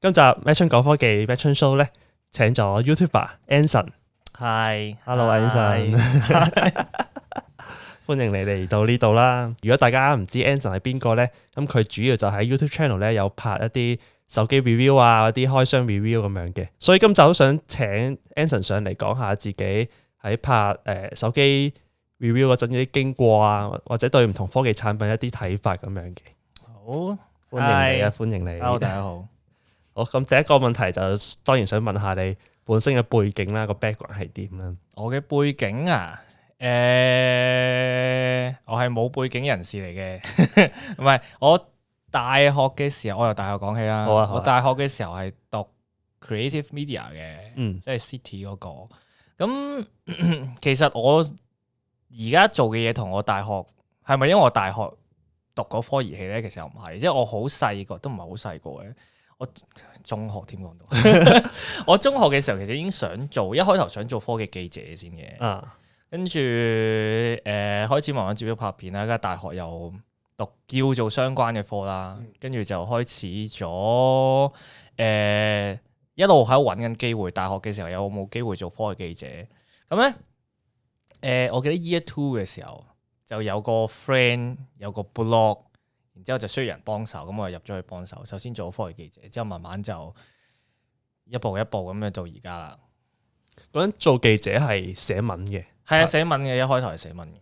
今集 madchun 講科技 madchun Show 咧，請咗 YouTuber Anson，係，Hello Anson，歡迎你嚟到呢度啦。如果大家唔知 Anson 係邊個咧，咁佢主要就喺 YouTube Channel 咧有拍一啲手機 review 啊，一啲開箱 review 咁樣嘅。所以今集好想請 Anson 上嚟講下自己喺拍誒手機 review 嗰陣嘅經過啊，或者對唔同科技產品一啲睇法咁樣嘅。好，歡迎你啊，歡迎你，Hello 大家好。好，咁第一個問題就當然想問下你本身嘅背景啦，個 background 係點咧？我嘅背景啊，誒、欸，我係冇背景人士嚟嘅，唔 係我大學嘅時候，我由大學講起啦。啊、我大學嘅時候係讀 creative media 嘅，啊、即係 city 嗰、那個。咁、嗯、其實我而家做嘅嘢同我大學係咪因為我大學讀嗰科而起咧？其實又唔係，即、就、係、是、我好細個都唔係好細個嘅。我中學添講到， 我中學嘅時候其實已經想做，一開頭想做科技記者先嘅，啊、跟住誒、呃、開始慢慢接觸拍片啦。而家大學又讀叫做相關嘅科啦，跟住就開始咗誒、呃、一路喺度揾緊機會。大學嘅時候有冇機會做科技記者？咁咧誒，我記得 year two 嘅時候就有個 friend 有個 blog。然之後就需要人幫手，咁我入咗去幫手。首先做科技記者，之後慢慢就一步一步咁樣到而家啦。嗰陣做記者係寫文嘅，係啊的寫文嘅，一開頭係寫文嘅，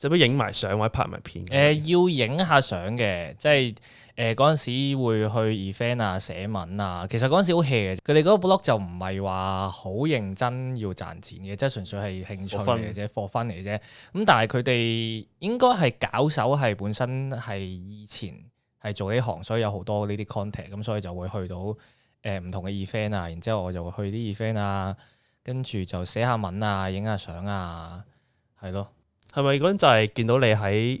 使唔使影埋相或者拍埋片？誒、呃，要影下相嘅，即係。誒嗰陣時會去 event 啊寫文啊，其實嗰陣時好 hea 嘅，佢哋嗰個 blog 就唔係話好認真要賺錢嘅，即係純粹係興趣嘅啫 for fun 嚟啫。咁 For fun 但係佢哋應該係搞手係本身係以前係做呢行，所以有好多呢啲 contact 咁、啊、所以就會去到誒唔、呃、同嘅 event 啊，然之後我就會去啲 event 啊，跟住就寫下文啊、影下相啊，係咯。係咪嗰陣就係見到你喺？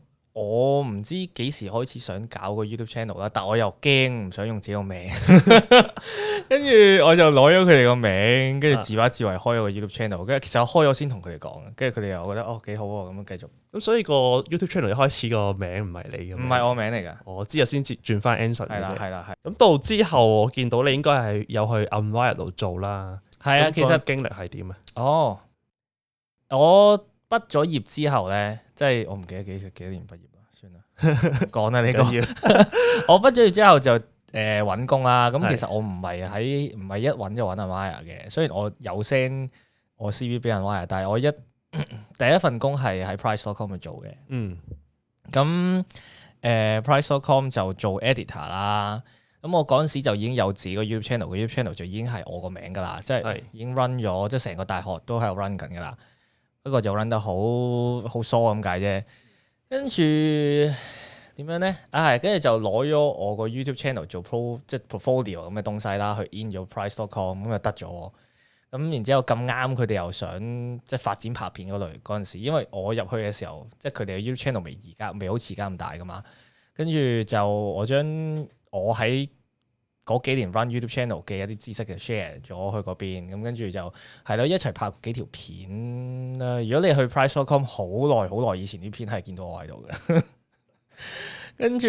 我唔知幾時開始想搞個 YouTube channel 啦，但我又驚，唔想用自己個名，跟 住 我就攞咗佢哋個名，跟住自把自為開咗個 YouTube channel。跟住其實我開咗先同佢哋講，跟住佢哋又我覺得哦，幾好咁樣繼續。咁所以個 YouTube channel 一開始個名唔係你嘅，唔係我名嚟嘅，我之後先至轉翻 Anson。係啦係啦係。咁到之後我見到你應該係有去 Unwire 度做啦。係啊的，其實經歷係點啊？哦，我。畢咗業之後咧，即係我唔記得幾幾多年畢業啦，算啦，講啦呢個。 我畢咗業之後就誒揾、呃、工啦。咁 其實我唔係喺唔係一揾就揾阿 Wire 嘅。雖然我有 send 我 CV 俾人 Wire，但係我一 第一份工係喺、嗯呃、Price dot com 度做嘅。嗯。咁誒，Price dot com 就做 editor 啦。咁我嗰陣時就已經有自己個 YouTube channel，個 YouTube channel 就已經係我個名噶啦，即係已經 run 咗，即係成個大學都係 run 緊噶啦。不過就撚得好好疏咁解啫，跟住點樣咧？啊係，跟住就攞咗我個 YouTube channel 做 pro 即係 portfolio 咁嘅東西啦，去 in 咗 price dot com 咁又得咗。咁然之後咁啱佢哋又想即係發展拍片嗰類嗰陣時，因為我入去嘅時候，即係佢哋嘅 YouTube channel 未而家未好似而家咁大噶嘛。跟住就我將我喺嗰幾年 run YouTube channel 嘅一啲知識就 share 咗去嗰邊，咁跟住就係咯，一齊拍幾條片啦。如果你去 Price.com，好耐好耐以前啲片係見到我喺度嘅。 跟住，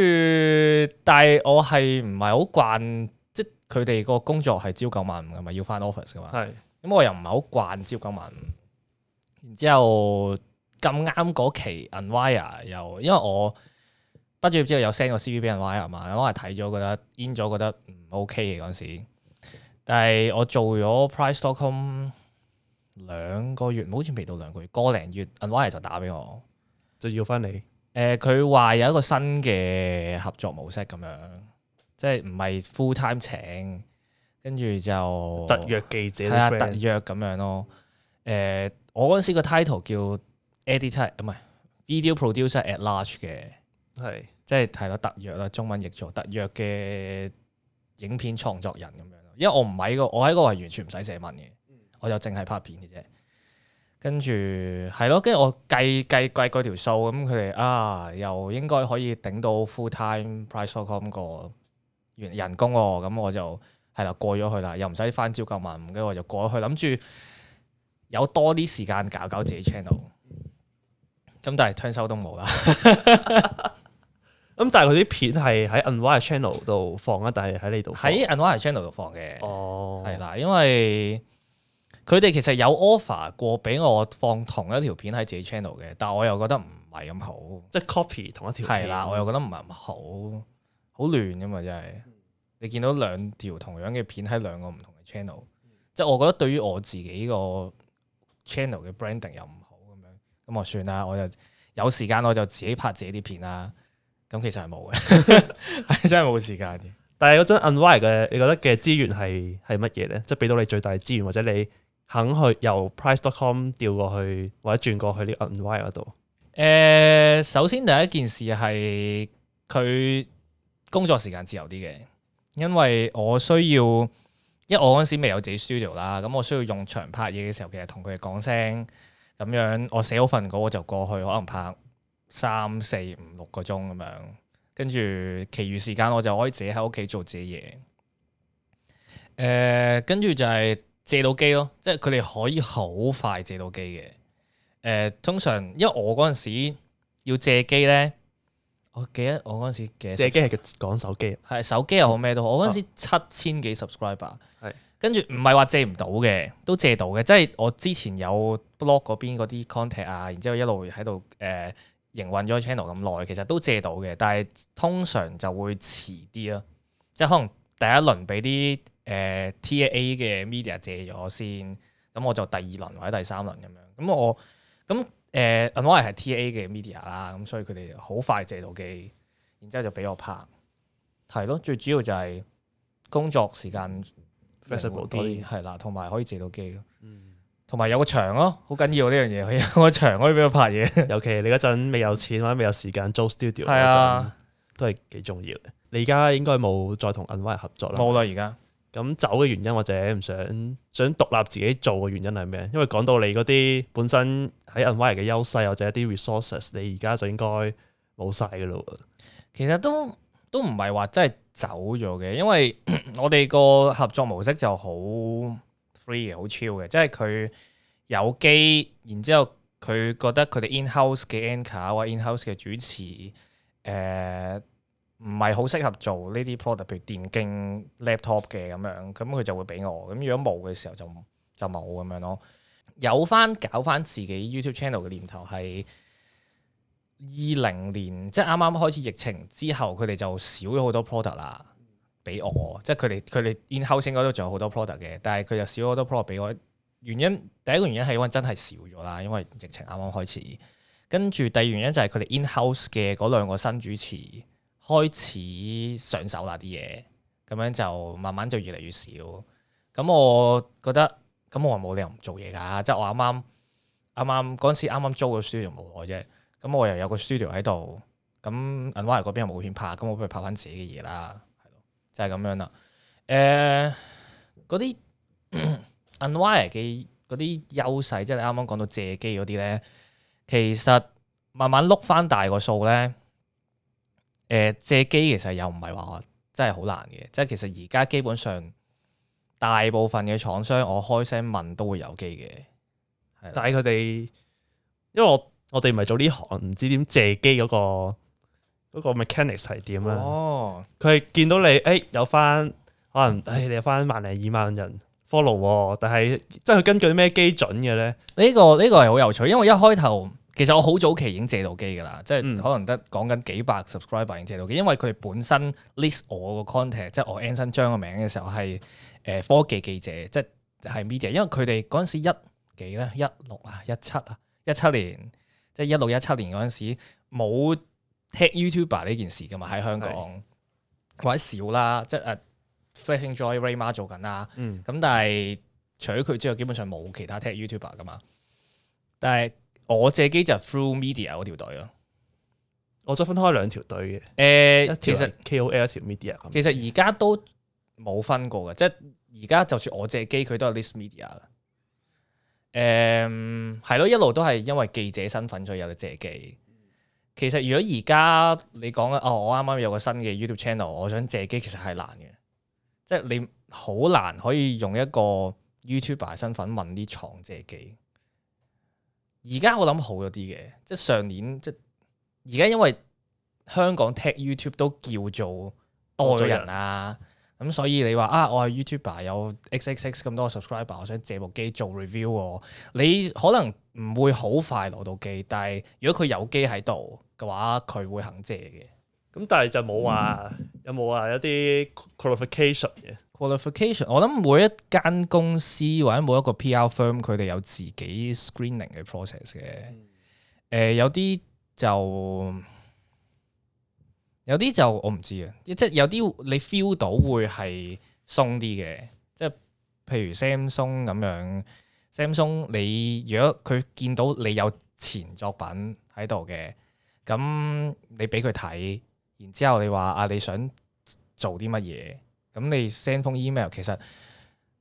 但係我係唔係好慣，即佢哋個工作係朝九晚五嘅嘛，要翻 office 嘅嘛。係是。咁我又唔係好慣朝九晚五。然之後咁啱嗰期 unwire 又，因為我。畢業之後有 send 個 CV 俾 Unwire 啊嘛，ire, 吧我係睇咗，覺得 in 咗，覺得唔 OK 嘅嗰陣時。但係我做咗 Price.com 兩個月，唔好似未到兩個月， 個零月 Unwire 就打俾我，就要翻嚟。誒、呃，佢話有一個新嘅合作模式咁樣，即係唔係 full time 請，跟住就特約記者，係啊，特約咁樣咯。誒、呃，我嗰陣時個 title 叫 editor 唔係 video producer at large 嘅，係。即係係咯，特約啦，中文譯做特約嘅影片創作人咁樣。因為我唔喺個，我喺個係完全唔使寫文嘅，我就淨係拍片嘅啫。跟住係咯，跟住我計計計嗰條數，咁佢哋啊又應該可以頂到 full time price.com 個員人工喎，咁我就係啦過咗去啦，又唔使返朝九晚五，跟住我就過咗去，諗住有多啲時間搞搞自己 channel。咁但係聽收都冇啦。 咁但係佢啲片係喺 Unwire Channel 度放啊，但係喺呢度喺 Unwire Channel 度放嘅。哦，係啦，因為佢哋其實有 offer 過俾我放同一條片喺自己 channel 嘅，但係我又覺得唔係咁好，即係 copy 同一條片，係啦，我又覺得唔係咁好，好亂噶嘛，真係你見到兩條同樣嘅片喺兩個唔同嘅 channel，即係我覺得對於我自己個 channel 嘅 branding 又唔好咁樣，咁我算啦，我就有時間我就自己拍自己啲片啦。咁其實係冇嘅，係 真係冇時間嘅。但係嗰陣 Unwire 嘅，你覺得嘅資源係係乜嘢咧？即係俾到你最大資源，或者你肯去由 Price.com 調過去，或者轉過去呢個 Unwire 嗰度？誒、呃，首先第一件事係佢工作時間自由啲嘅，因為我需要，因為我嗰陣時未有自己 studio 啦。咁我需要用場拍嘢嘅時候，其實同佢哋講聲，咁樣我寫好份稿我就過去，可能拍。三四五六個鐘咁樣，跟住其餘時間我就可以自己喺屋企做自己嘢。誒、呃，跟住就係借到機咯，即係佢哋可以好快借到機嘅。誒、呃，通常因為我嗰陣時要借機咧，我記得我嗰陣時嘅借機係講手機，係手機又好咩都好。我嗰陣時七千幾 subscriber，跟住唔、啊、係話借唔到嘅，都借到嘅。即係我之前有 blog 嗰邊嗰啲 contact 啊，然之後一路喺度誒。呃營運咗 channel 咁耐，其實都借到嘅，但係通常就會遲啲咯。即係可能第一輪俾啲誒 T A 嘅 media 借咗先，咁、嗯、我就第二輪或者第三輪咁樣。咁、嗯、我咁誒 online 係 T A 嘅 media 啦，咁所以佢哋好快借到機，然之後就俾我拍。係咯，最主要就係工作時間 flexible 啲，係啦，同埋可以借到機。同埋有個場咯，好緊要呢樣嘢。有個場可以俾佢拍嘢。尤其你嗰陣未有錢或者未有時間租 studio 嗰陣， 都係幾重要嘅。你而家應該冇再同 unwire 合作啦。冇啦，而家咁走嘅原因或者唔想想獨立自己做嘅原因係咩？因為講到你嗰啲本身喺 unwire 嘅優勢或者一啲 resources，你而家就應該冇晒㗎咯。其實都都唔係話真係走咗嘅，因為咳咳我哋個合作模式就好。free 好超嘅，即係佢有機，然之後佢覺得佢哋 in house 嘅 anchor 或 in house 嘅主持，誒唔係好適合做呢啲 product，譬如電競 laptop 嘅咁樣，咁佢就會俾我。咁如果冇嘅時候就就冇咁樣咯。有翻搞翻自己 YouTube channel 嘅念頭係二零年，即係啱啱開始疫情之後，佢哋就少咗好多 product 啦。俾我，即係佢哋佢哋 in-house 應該都仲有好多 product 嘅，但係佢又少咗好多 product 俾我。原因第一個原因係因為真係少咗啦，因為疫情啱啱開始。跟住第二原因就係佢哋 in-house 嘅嗰兩個新主持開始上手啦，啲嘢，咁樣就慢慢就越嚟越少。咁、嗯、我覺得，咁、嗯、我冇理由唔做嘢㗎，即係我啱啱啱啱嗰陣時啱啱租個 studio 冇耐啫。咁、嗯、我又有個 studio 喺度，咁 Unwire 嗰邊又冇片拍，咁、嗯、我不如拍翻自己嘅嘢啦。就係咁樣啦。誒、呃，嗰啲 unwire 嘅嗰啲優勢，即係你啱啱講到借機嗰啲咧，其實慢慢碌 o 翻大個數咧，誒、呃，借機其實又唔係話真係好難嘅，即係其實而家基本上大部分嘅廠商，我開聲問都會有機嘅，但係佢哋因為我我哋唔係做呢行，唔知點借機嗰、嗰個。嗰個 mechanics 係點哦，佢係見到你，誒、哎、有翻可能，誒、哎、你有翻萬零二萬人 follow，但係即係佢根據啲咩基準嘅咧？呢、這個呢、這個係好有趣，因為一開頭其實我好早期已經借到機㗎啦，即係可能得講緊幾百 subscriber 已經借到機，嗯、因為佢哋本身 list 我個 contact 即係我 Anson 張個名嘅時候係誒科技記者，即係 media，因為佢哋嗰陣時一幾咧一六啊一七啊一七年，即係一六一七年嗰陣時冇。踢 YouTuber 呢件事噶嘛？喺香港是或者少啦，即係啊 f r s h Enjoy Ray m a r 做緊啦，咁、嗯、但係除咗佢之外，基本上冇其他踢 YouTuber 噶嘛。但係我借機就 Through Media 條隊咯，我再分開兩條隊嘅。誒、欸，其實 KOL 條 Media，其實而家都冇分過嘅，即係而家就算我借機，佢都有 list Media 啦。誒、嗯，係咯，一路都係因為記者身份，所以有借機。其實如果而家你講啊、哦，我啱啱有個新嘅 YouTube channel，我想借機其實係難嘅，即係你好難可以用一個 YouTuber 身份問啲廠借機。而家我諗好咗啲嘅，即係上年即係而家因為香港 tech YouTube 都叫做多咗人啦、啊，咁人所以你話啊，我係 YouTuber 有 X X X 咁多個 subscriber，我想借部機做 review，你可能，唔會好快攞到機，但係如果佢有機喺度嘅話，佢會肯借嘅。咁但係就冇話有冇話、嗯、一啲 qualification 嘅 qualification。我諗每一間公司或者每一個 PR firm，佢哋有自己 screening 嘅 process 嘅。誒、嗯呃，有啲就有啲就我唔知啊。即、就、係、是、有啲你 feel 到會係鬆啲嘅，即、就、係、是、譬如 Samsung 咁樣。Samsung，你如果佢見到你有前作品喺度嘅，咁你俾佢睇，然之後你話啊，你想做啲乜嘢？咁你 send 封 email，其實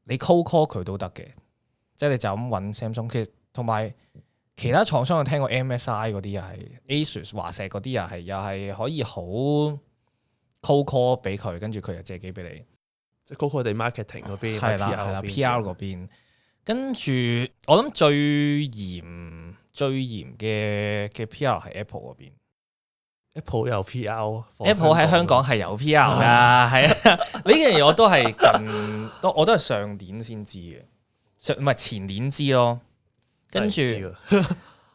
你 cold call 佢都得嘅，即係你就咁揾 Samsung。其實同埋其他廠商，我聽過 MSI 嗰啲又係，Asus 華碩嗰啲又係，又係、嗯、可以好 cold call 俾佢，跟住佢又借機俾你，即係 cold call 地 marketing 嗰邊、啊，係啦係啦，PR 嗰邊的。跟住，我諗最嚴最嚴嘅嘅 PR 係 Apple 嗰邊，Apple 有 PR？Apple 喺香港係有 PR 噶，係啊，呢樣嘢我都係近，都我都係上年先知嘅，上唔係前年知咯。跟住，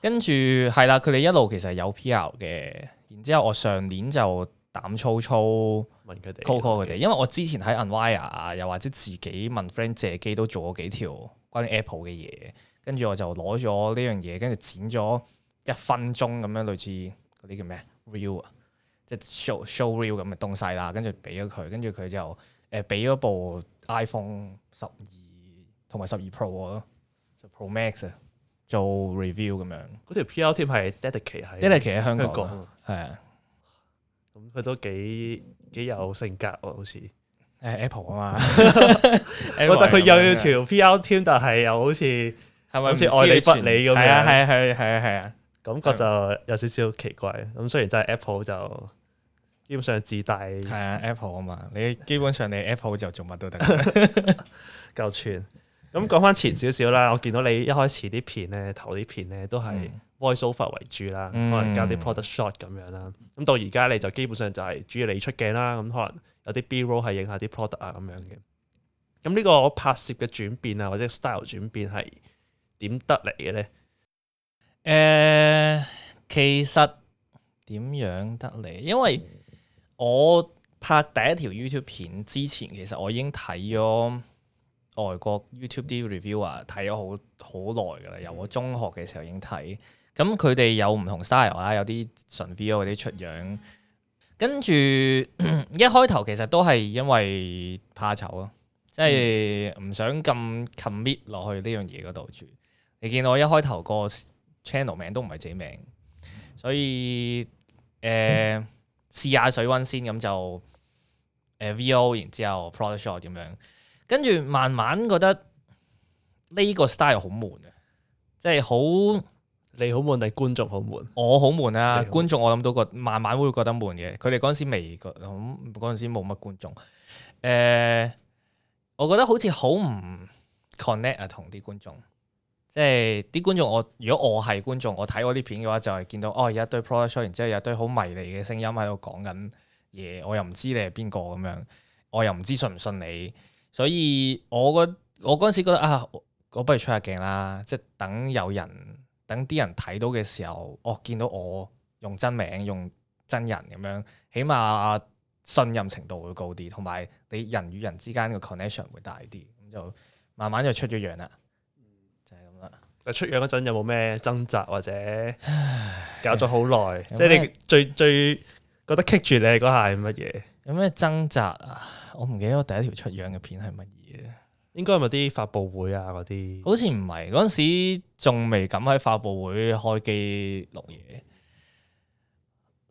跟住係啦，佢哋一路其實有 PR 嘅，然之後我上年就膽粗粗問佢哋 call call 佢哋，因為我之前喺 Unwire 啊，又或者自己問 friend 借機都做咗幾條。Apple 嘅嘢，跟住我就攞咗呢樣嘢，跟住剪咗一分鐘咁樣，類似嗰啲叫咩 Reel 啊，real，即係 Show Show Reel 咁嘅東西啦，跟住俾咗佢，跟住佢就誒俾咗部 iPhone 十二同埋十二 Pro 咯，Pro Max 啊，做 Review 咁樣。嗰條 P.R. team 係 dedicate 喺 dedicate 喺香港，係啊港，咁佢是都幾幾有性格哦，好似。誒，Apple 啊嘛，我覺得佢又要條 PR 添，但係又好似係咪好似愛理不理咁樣，係啊係啊係啊係啊，啊啊啊感覺就有少少奇怪。咁雖然真係 Apple 就基本上自帶，係啊 Apple 啊嘛，你基本上你 Apple 就做乜都得夠串。咁講翻前少少啦，我見到你一開始啲片咧，頭啲片咧都係、嗯。Voiceover 為主啦，嗯、可能加啲 product shot 咁樣啦。咁、嗯、到而家你就基本上就係主要你出鏡啦。咁可能有啲 B roll 係影下啲 product 啊咁樣嘅。咁呢個我拍攝嘅轉變啊，或者 style 轉變係點得嚟嘅咧？誒、呃，其實點樣得嚟？因為我拍第一條 YouTube 片之前，其實我已經睇咗外國 YouTube 啲 review 啊，睇咗好好耐㗎喇。由我中學嘅時候已經睇。咁佢哋有唔同 style 啦，有啲純 vo 嗰啲出樣，跟住一開頭其實都係因為怕醜咯，即係唔想咁 commit 落去呢樣嘢嗰度住。你見我一開頭個 channel 名都唔係自己名，所以誒試、呃、下水溫先咁就誒、呃、vo，然之後 product shot 點樣，跟住慢慢覺得呢個 style 好悶嘅，即係好。你好悶，定觀眾好悶？我好悶啊！悶觀眾我都覺得，我諗到個慢慢會覺得悶嘅。佢哋嗰陣時未覺，咁嗰陣時冇乜觀眾。誒、呃，我覺得好似好唔 connect 啊，同啲觀眾。即係啲觀眾，我如果我係觀眾，我睇我啲片嘅話，就係、是、見到哦，有一堆 product show 然之後有一堆好迷離嘅聲音喺度講緊嘢，我又唔知你係邊個咁樣，我又唔知信唔信你。所以我嗰我嗰陣時覺得啊，我不如出下鏡啦，即係等有人。等啲人睇到嘅時候，哦，見到我用真名用真人咁樣，起碼信任程度會高啲，同埋你人與人之間嘅 connection 會大啲，咁就慢慢就出咗樣啦，就係咁啦。出樣嗰陣有冇咩掙扎或者唉，搞咗好耐？即係你最最覺得棘住你嗰下係乜嘢？有咩掙扎啊？我唔記得我第一條出樣嘅片係乜嘢。應該係咪啲發布會啊？嗰啲好似唔係，嗰陣時，仲未敢喺發布會開機錄嘢。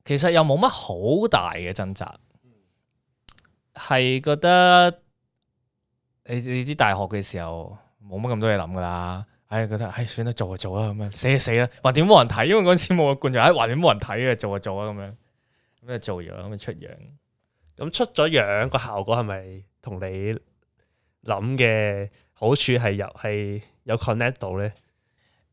其實又冇乜好大嘅掙扎，係覺得你你知大學嘅時候冇乜咁多嘢諗噶啦。唉，覺得唉，算啦，做就做啦，咁樣死就死啦。橫掂冇人睇，因為嗰陣時冇個觀眾。唉，橫掂冇人睇嘅，做就做啦，咁樣咁啊做樣咁啊出樣。咁出咗樣個效果係咪同你？諗嘅好處係有係有 connect 到咧，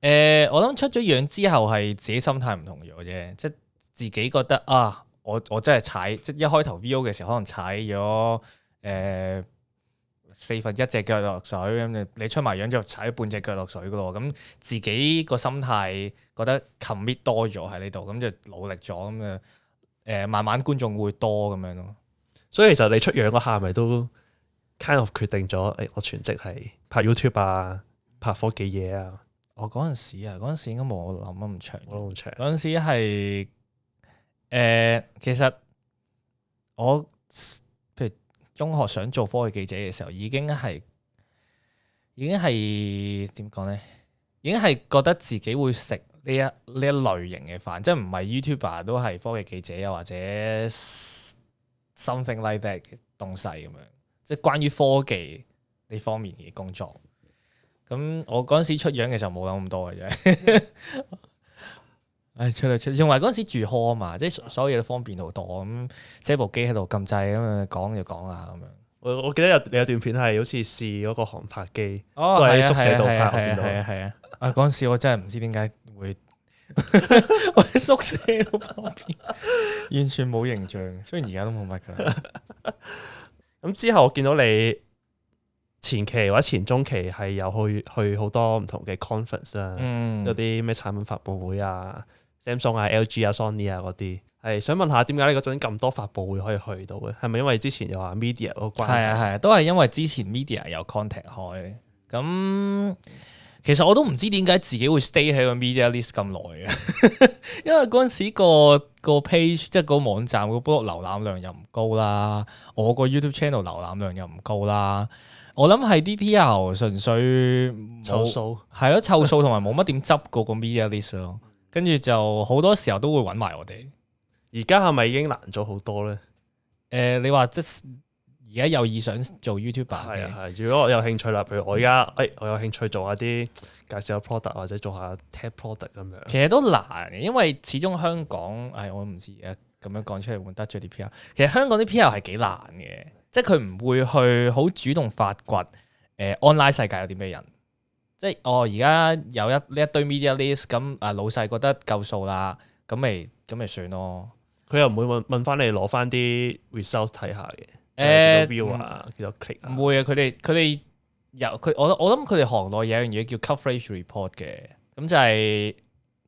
誒、呃，我諗出咗樣之後係自己心態唔同咗嘅，即係自己覺得啊，我我真係踩，即係一開頭 VO 嘅時候可能踩咗誒、呃、四分一隻腳落水咁，你出埋樣之後踩半隻腳落水噶咯，咁自己個心態覺得 commit 多咗喺呢度，咁就努力咗，咁就誒慢慢觀眾會多咁樣咯。所以其實你出樣嗰下咪都。Kind of 決定咗，誒、哎，我全職係拍 YouTube 啊，拍科技嘢啊。我嗰陣時啊，嗰陣時應該冇我諗得咁長，長，冇咁長。嗰陣時係誒、呃，其實我譬如中學想做科技記者嘅時候，已經係已經係點講咧？已經係覺得自己會食呢一呢一類型嘅飯，即係唔係 YouTuber 都係科技記者，啊，或者 something like that 嘅東西咁樣。關於科技呢方面嘅工作，咁我嗰陣時出樣嘅時候冇諗咁多嘅啫，唉、 哎，出嚟出，嚟，因為嗰陣時住 hall 嘛，即係所有嘢都方便好多，咁寫部機喺度撳掣，咁啊講就講啦，咁樣。我我記得有你有段片係好似試嗰個航拍機，哦、都喺宿舍度拍片，係啊係啊。啊，嗰陣時我真係唔知點解會喺宿舍度拍片，完全冇形象，雖然而家都冇乜噶。 咁之後我見到你前期或者前中期係有去去好多唔同嘅 conference 啊、嗯，嗰啲咩產品發布會啊，Samsung 啊、LG 啊、Sony 啊嗰啲，係想問下點解你嗰陣咁多發布會可以去到嘅？係咪因為之前又話 media 嗰關係？係啊係啊，都係因為之前 media 有 contact 開。咁。其實我都唔知點解自己會 stay 喺個 media list 咁耐嘅。因為嗰陣時個個 page 即係個網站個 blog，瀏覽量又唔高啦，我個 YouTube channel 瀏覽量又唔高啦，我諗係 DPR 純粹湊數。係咯，湊數，同埋冇乜點執嗰個 media list 咯，跟住 就好多時候都會揾埋我哋。而家係咪已經難咗好多咧？誒、呃，你話即？而家有意想做 YouTuber 嘅，係係。如果我有興趣啦，譬如我而家，哎，我有興趣做下啲介紹下 product 或者做下 tap product 咁樣，其實都難嘅，因為始終香港，哎，我唔知而家咁樣講出嚟會唔得罪啲 PR。其實香港啲 PR 係幾難嘅，即係佢唔會去好主動發掘，誒、呃、online 世界有啲咩人，即係哦而家有一呢一堆 media list，咁、嗯、啊老細覺得夠數啦，咁咪咁咪算咯。佢又唔會問問翻你攞翻啲 result 睇下嘅。誒，view 啊，叫做 click。唔會啊，佢哋佢哋有佢，我我諗佢哋行內有樣嘢叫 coverage report 嘅，咁就係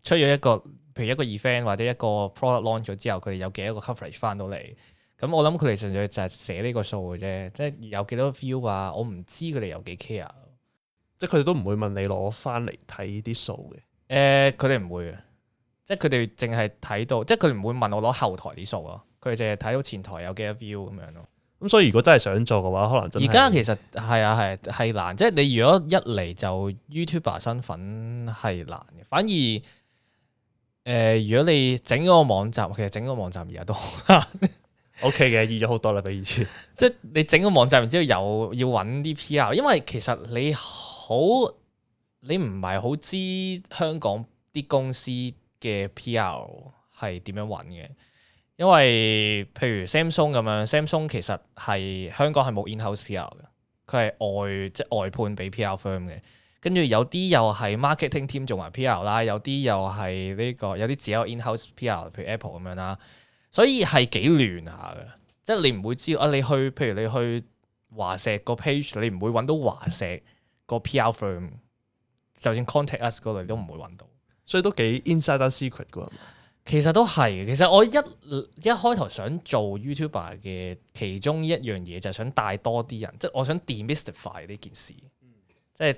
出咗一個，譬如一個 event 或者一個 product launch 咗之後，佢哋有幾多個 coverage 翻到嚟。咁我諗佢哋純粹就係寫呢個數嘅啫，即係有幾多 view 啊，我唔知佢哋有幾 care，即係佢哋都唔會問你攞翻嚟睇啲數嘅。誒、呃，佢哋唔會啊，即係佢哋淨係睇到，即係佢哋唔會問我攞後台啲數咯，佢哋淨係睇到前台有幾多 view 咁樣咯。咁所以如果真係想做嘅話，可能就而家其實係啊係係、啊、難，即係你如果一嚟就 YouTuber 身份係難嘅，反而誒、呃、如果你整個網站，其實整個網站而家都難 OK 嘅，易咗好多啦比以前即係你整個網站，然之後又要揾啲 PR，因為其實你好你唔係好知香港啲公司嘅 PR 係點樣揾嘅。因為譬如 Samsung 咁樣，Samsung 其實係香港係冇 in-house PR 嘅，佢係外即係外判俾 PR firm 嘅。跟住有啲又係 marketing team 做埋 PR 啦、這個，有啲又係呢個有啲只有 in-house PR，譬如 Apple 咁樣啦。所以係幾亂下嘅，即係你唔會知道啊，你去譬如你去華碩個 page，你唔會揾到華碩個 PR firm，就算 contact us 嗰度你都唔會揾到，所以都幾 insider secret 嘅。其實都係，其實我一一開頭想做 YouTuber 嘅其中一樣嘢，就係想帶多啲人，即係我想 demystify 呢件事。即係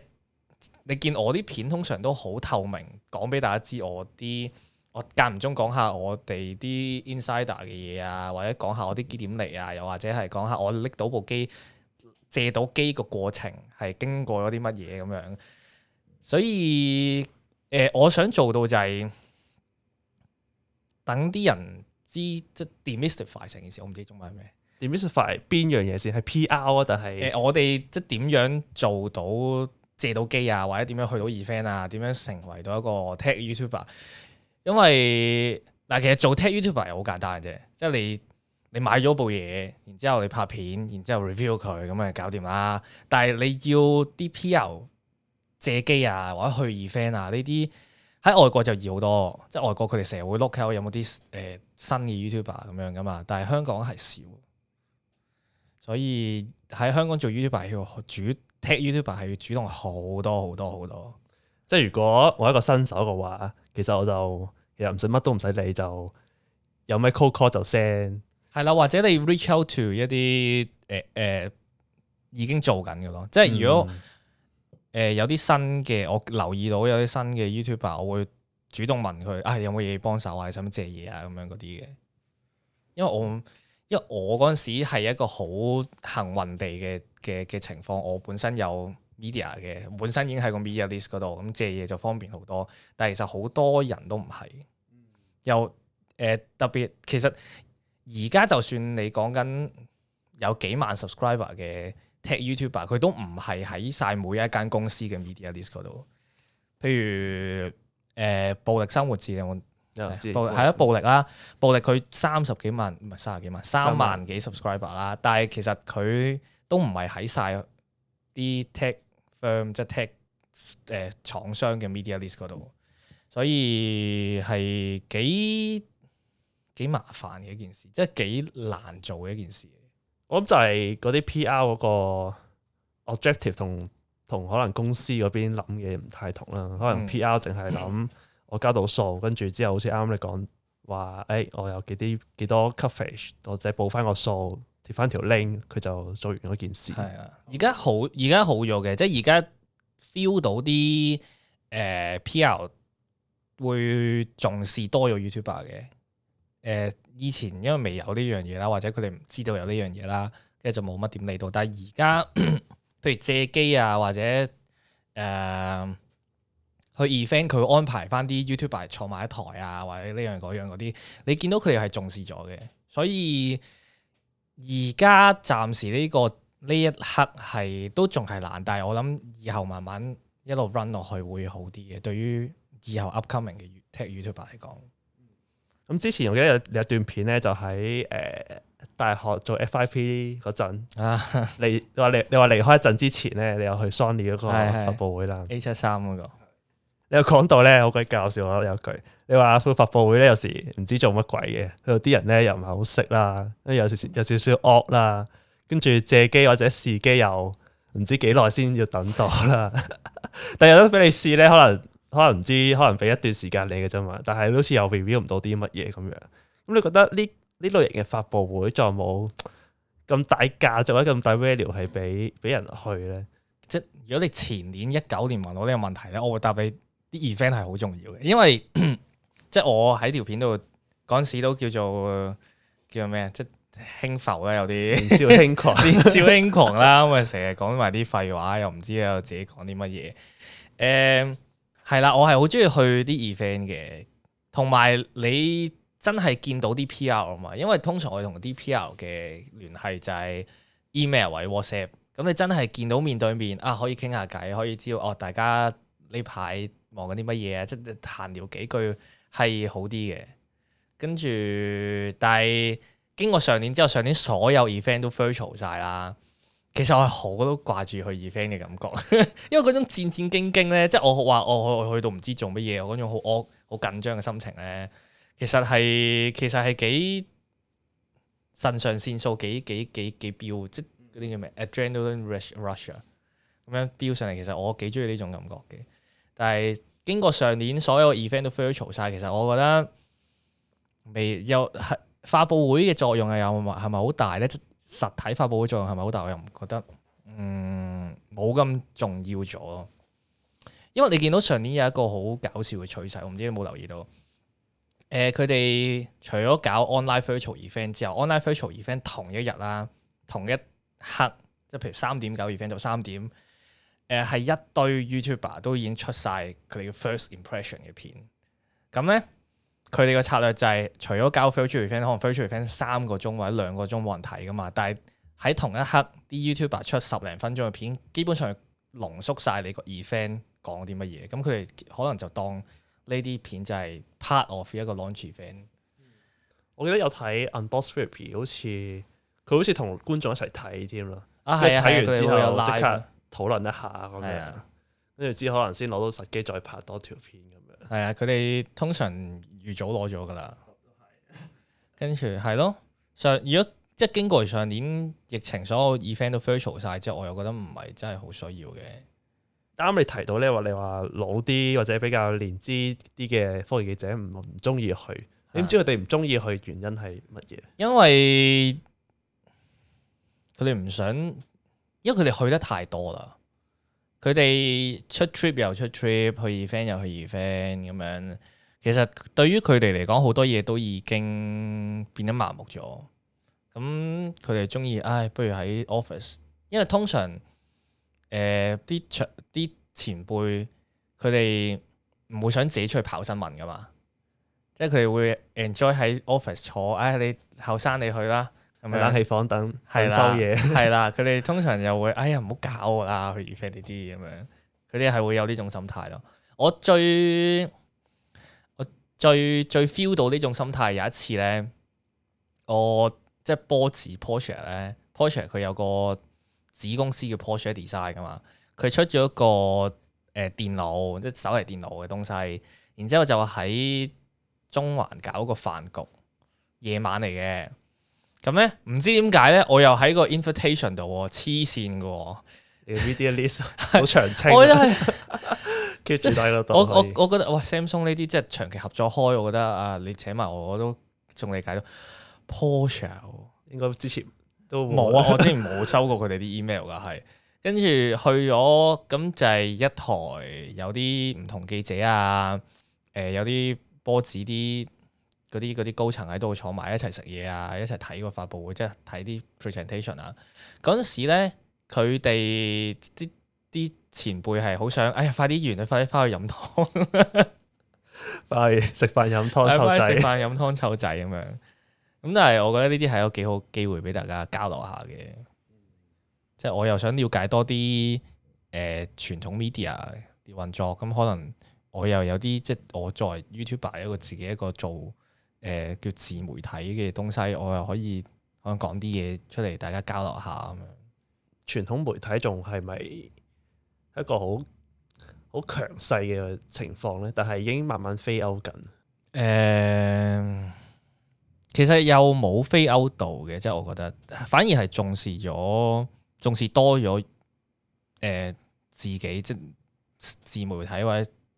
你見我啲片通常都好透明，講俾大家知我啲，我間唔中講下我哋啲 insider 嘅嘢啊，或者講下我啲幾點嚟啊，又或者係講下我拎到部機、借到機個過程係經過咗啲乜嘢咁樣。所以，誒、呃，我想做到就係、是。等啲人知即係 demystify 成件事，我唔知中文係咩。demystify 邊樣嘢先係 P.R. 啊？但係誒，我哋即點樣做到借到機啊？或者點樣去到 event 啊？點樣成為到一個 tech YouTuber？因為嗱，其實做 tech YouTuber 係好簡單嘅啫，即係你你買咗部嘢，然之後你拍片，然之後 review 佢，咁咪搞掂啦。但係你要啲 P.R. 借機啊，或者去 event 啊呢啲。喺外國就易好多，即係外國佢哋成日會 look out 有冇啲誒新嘅 YouTuber 咁樣㗎嘛，但係香港係少，所以喺香港做 YouTuber 要主踢 YouTuber 係要主動好多好多好多，即係如果我係一個新手嘅話，其實我就其實唔使乜都唔使理，就有咩 call call 就 send，係啦，或者你 reach out to 一啲誒誒已經做緊嘅咯，即係如果。嗯誒、呃、有啲新嘅，我留意到有啲新嘅 YouTuber，我會主動問佢，啊有冇嘢幫手啊？使唔使借嘢啊咁樣嗰啲嘅。因為我因為我嗰陣時係一個好幸運地嘅嘅嘅情況，我本身有 media 嘅，本身已經喺個 media list 嗰度，咁借嘢就方便好多。但係其實好多人都唔係。又誒、呃、特別，其實而家就算你講緊有幾萬 subscriber 嘅。Tech YouTuber 佢都唔係喺晒每一間公司嘅 media list 嗰度，譬如誒、呃、暴力生活節量，暴力係咯，暴力啦，暴力佢三十幾萬唔係三十幾萬，三萬幾 subscriber 啦，但係其實佢都唔係喺晒啲 tech firm 即係 tech 廠、呃、商嘅 media list 嗰度，所以係幾幾麻煩嘅一件事，即係幾難做嘅一件事。我諗就係嗰啲 PR 嗰個 objective 同同可能公司嗰邊諗嘢唔太同啦，可能 PR 淨係諗我交到數，跟住、嗯、之後好似啱啱你講話，誒、哎，我有幾啲幾多 coverage，或者報翻個數，貼翻條 link，佢就做完嗰件事。係啊，而家好而家好咗嘅，即係而家 feel 到啲誒、呃、PR 會重視多咗 YouTuber 嘅，誒、呃。以前因為未有呢樣嘢啦，或者佢哋唔知道有呢樣嘢啦，跟住就冇乜點理到。但係而家，譬如借機啊，或者誒、呃、去 event，佢安排翻啲 YouTuber 坐埋一台啊，或者呢樣嗰樣嗰啲，你見到佢哋係重視咗嘅。所以而家暫時呢、呢個呢一刻係都仲係難，但係我諗以後慢慢一路 run 落去會好啲嘅。對於以後 upcoming 嘅 YouTuber 嚟講。咁之前我記得有有一段片咧，就喺誒、呃、大學做 FYP 嗰陣， 你離你話你你話離開一陣之前咧，你又去 Sony 嗰個發布會啦，A 七三嗰個，你有又講到咧好鬼搞笑咯，有句你話佢發布會咧，有時唔知做乜鬼嘅，佢啲人咧又唔係好識啦，跟住有少少有少少惡啦，跟住借機或者試機又唔知幾耐先要等到啦，第日都俾你試咧，可能。可能唔知，可能俾一段時間你嘅啫嘛。但係好似又 reveal 唔到啲乜嘢咁樣。咁你覺得呢呢類型嘅發佈會仲有冇咁大價值或者咁大 value 係俾俾人去咧？即係如果你前年一九年問我呢個問題咧，我會答你啲 event 係好重要嘅，因為 即係我喺條片度講陣時都叫做叫做咩啊？即係輕浮啦，有啲年少 輕狂，年少 輕狂啦。咁啊，成日講埋啲廢話，又唔知又自己講啲乜嘢誒？Uh, 係啦，我係好中意去啲 event 嘅，同埋你真係見到啲 PR 啊嘛，因為通常我同啲 PR 嘅聯繫就係 email 或者 WhatsApp，咁你真係見到面對面啊，可以傾下偈，可以知道哦，大家呢排忙緊啲乜嘢啊，即係閒聊幾句係好啲嘅。跟住，但係經過上年之後，上年所有 event 都 virtual 曬啦。其實我係好都掛住去 event 嘅感覺，因為嗰種戰戰兢兢咧，即係我話我去去到唔知做乜嘢，我嗰種好我好緊張嘅心情咧，其實係其實係幾腎上腺素幾幾幾幾飆，即係嗰啲叫咩 adrenaline rush rush 啊，咁樣飆上嚟，其實我幾中意呢種感覺嘅。但係經過上年所有 event 都 virtual 曬，其實我覺得未有係發佈會嘅作用係有係咪好大咧？實體發布會作用係咪好大？我又唔覺得，嗯，冇咁重要咗。因為你見到上年有一個好搞笑嘅趨勢，我唔知你有冇留意到。誒、呃，佢哋除咗搞 online virtual event 之後，online virtual event 同一日啦，同一刻，即係譬如三點搞 event 到三點，誒、呃、係一堆 YouTuber 都已經出晒佢哋嘅 first impression 嘅片，咁咧。佢哋嘅策略就係除咗交 future event，可能 future event 三個鐘或者兩個鐘冇人睇噶嘛。但係喺同一刻，啲 YouTuber 出十零分鐘嘅片，基本上濃縮晒你個 event 講啲乜嘢。咁佢哋可能就當呢啲片就係 part of 一個 launch event。我記得有睇 Unbox Therapy 好似佢好似同觀眾一齊睇添咯啊，係啊，睇完之後後即刻討論一下咁樣，跟住之後可能先攞到實機再拍多條片。係啊，佢哋通常預早攞咗噶啦， 跟住係咯。上如果即係經過上年疫情，所有我 event 都 virtual 曬之後，我又覺得唔係真係好需要嘅。啱你提到咧，話你話老啲或者比較年資啲嘅科技記者唔唔中意去，點知佢哋唔中意去原因係乜嘢？因為佢哋唔想，因為佢哋去得太多啦。佢哋出 trip 又出 trip，去 event 又去 event 咁樣，其實對於佢哋嚟講，好多嘢都已經變得麻木咗。咁佢哋鍾意，唉，不如喺 office，因為通常，誒啲長啲前輩，佢哋唔會想自己出去跑新聞㗎嘛，即係佢哋會 enjoy 喺 office 坐。唉，你後生你去啦。咁啊！冷氣房等的收嘢的，係啦。 佢哋通常又會，哎呀，唔好搞我啦，去 review 呢啲咁樣。佢哋係會有呢種心態咯。我最我最最 feel 到呢種心態有一次咧，我即係、就是、波子 Porsche 咧，Porsche 佢有個子公司叫 Porsche Design 噶嘛，佢出咗個誒電腦，即係手提電腦嘅東西。然之後就喺中環搞個飯局，夜晚嚟嘅。咁咧，唔知點解咧，我又喺個 invitation 度喎，黐線嘅喎，video list 好長青，我覺得係，叫最大咯。我我我覺得，哇，Samsung 呢啲即係長期合作開，我覺得啊，你請埋我，我都仲理解到。Porsche 應該之前都冇啊， 我之前冇收過佢哋啲 email 噶，係跟住去咗，咁就係一台有啲唔同記者啊，誒有啲波子啲。嗰啲啲高層喺度坐埋一齊食嘢啊，一齊睇個發布會，即係睇啲 presentation 啊。嗰陣時咧，佢哋啲啲前輩係好想，哎呀，快啲完啦，快啲翻去飲湯，翻去食飯飲湯湊仔，食飯飲湯湊仔咁樣。咁但係我覺得呢啲係有幾好機會俾大家交流下嘅，嗯、即係我又想了解多啲誒、呃、傳統 media 嘅運作。咁可能我又有啲即係我在 YouTube 有一個，一個自己一個做。誒、呃，叫自媒體嘅東西，我又可以講講啲嘢出嚟，大家交流下咁樣。傳統媒體仲係咪一個好好強勢嘅情況咧？但係已經慢慢 fade out 緊。誒，其實又冇 fade out 到嘅，即係我覺得，反而係重視咗，重視多咗。誒、呃，自己即自媒體或者。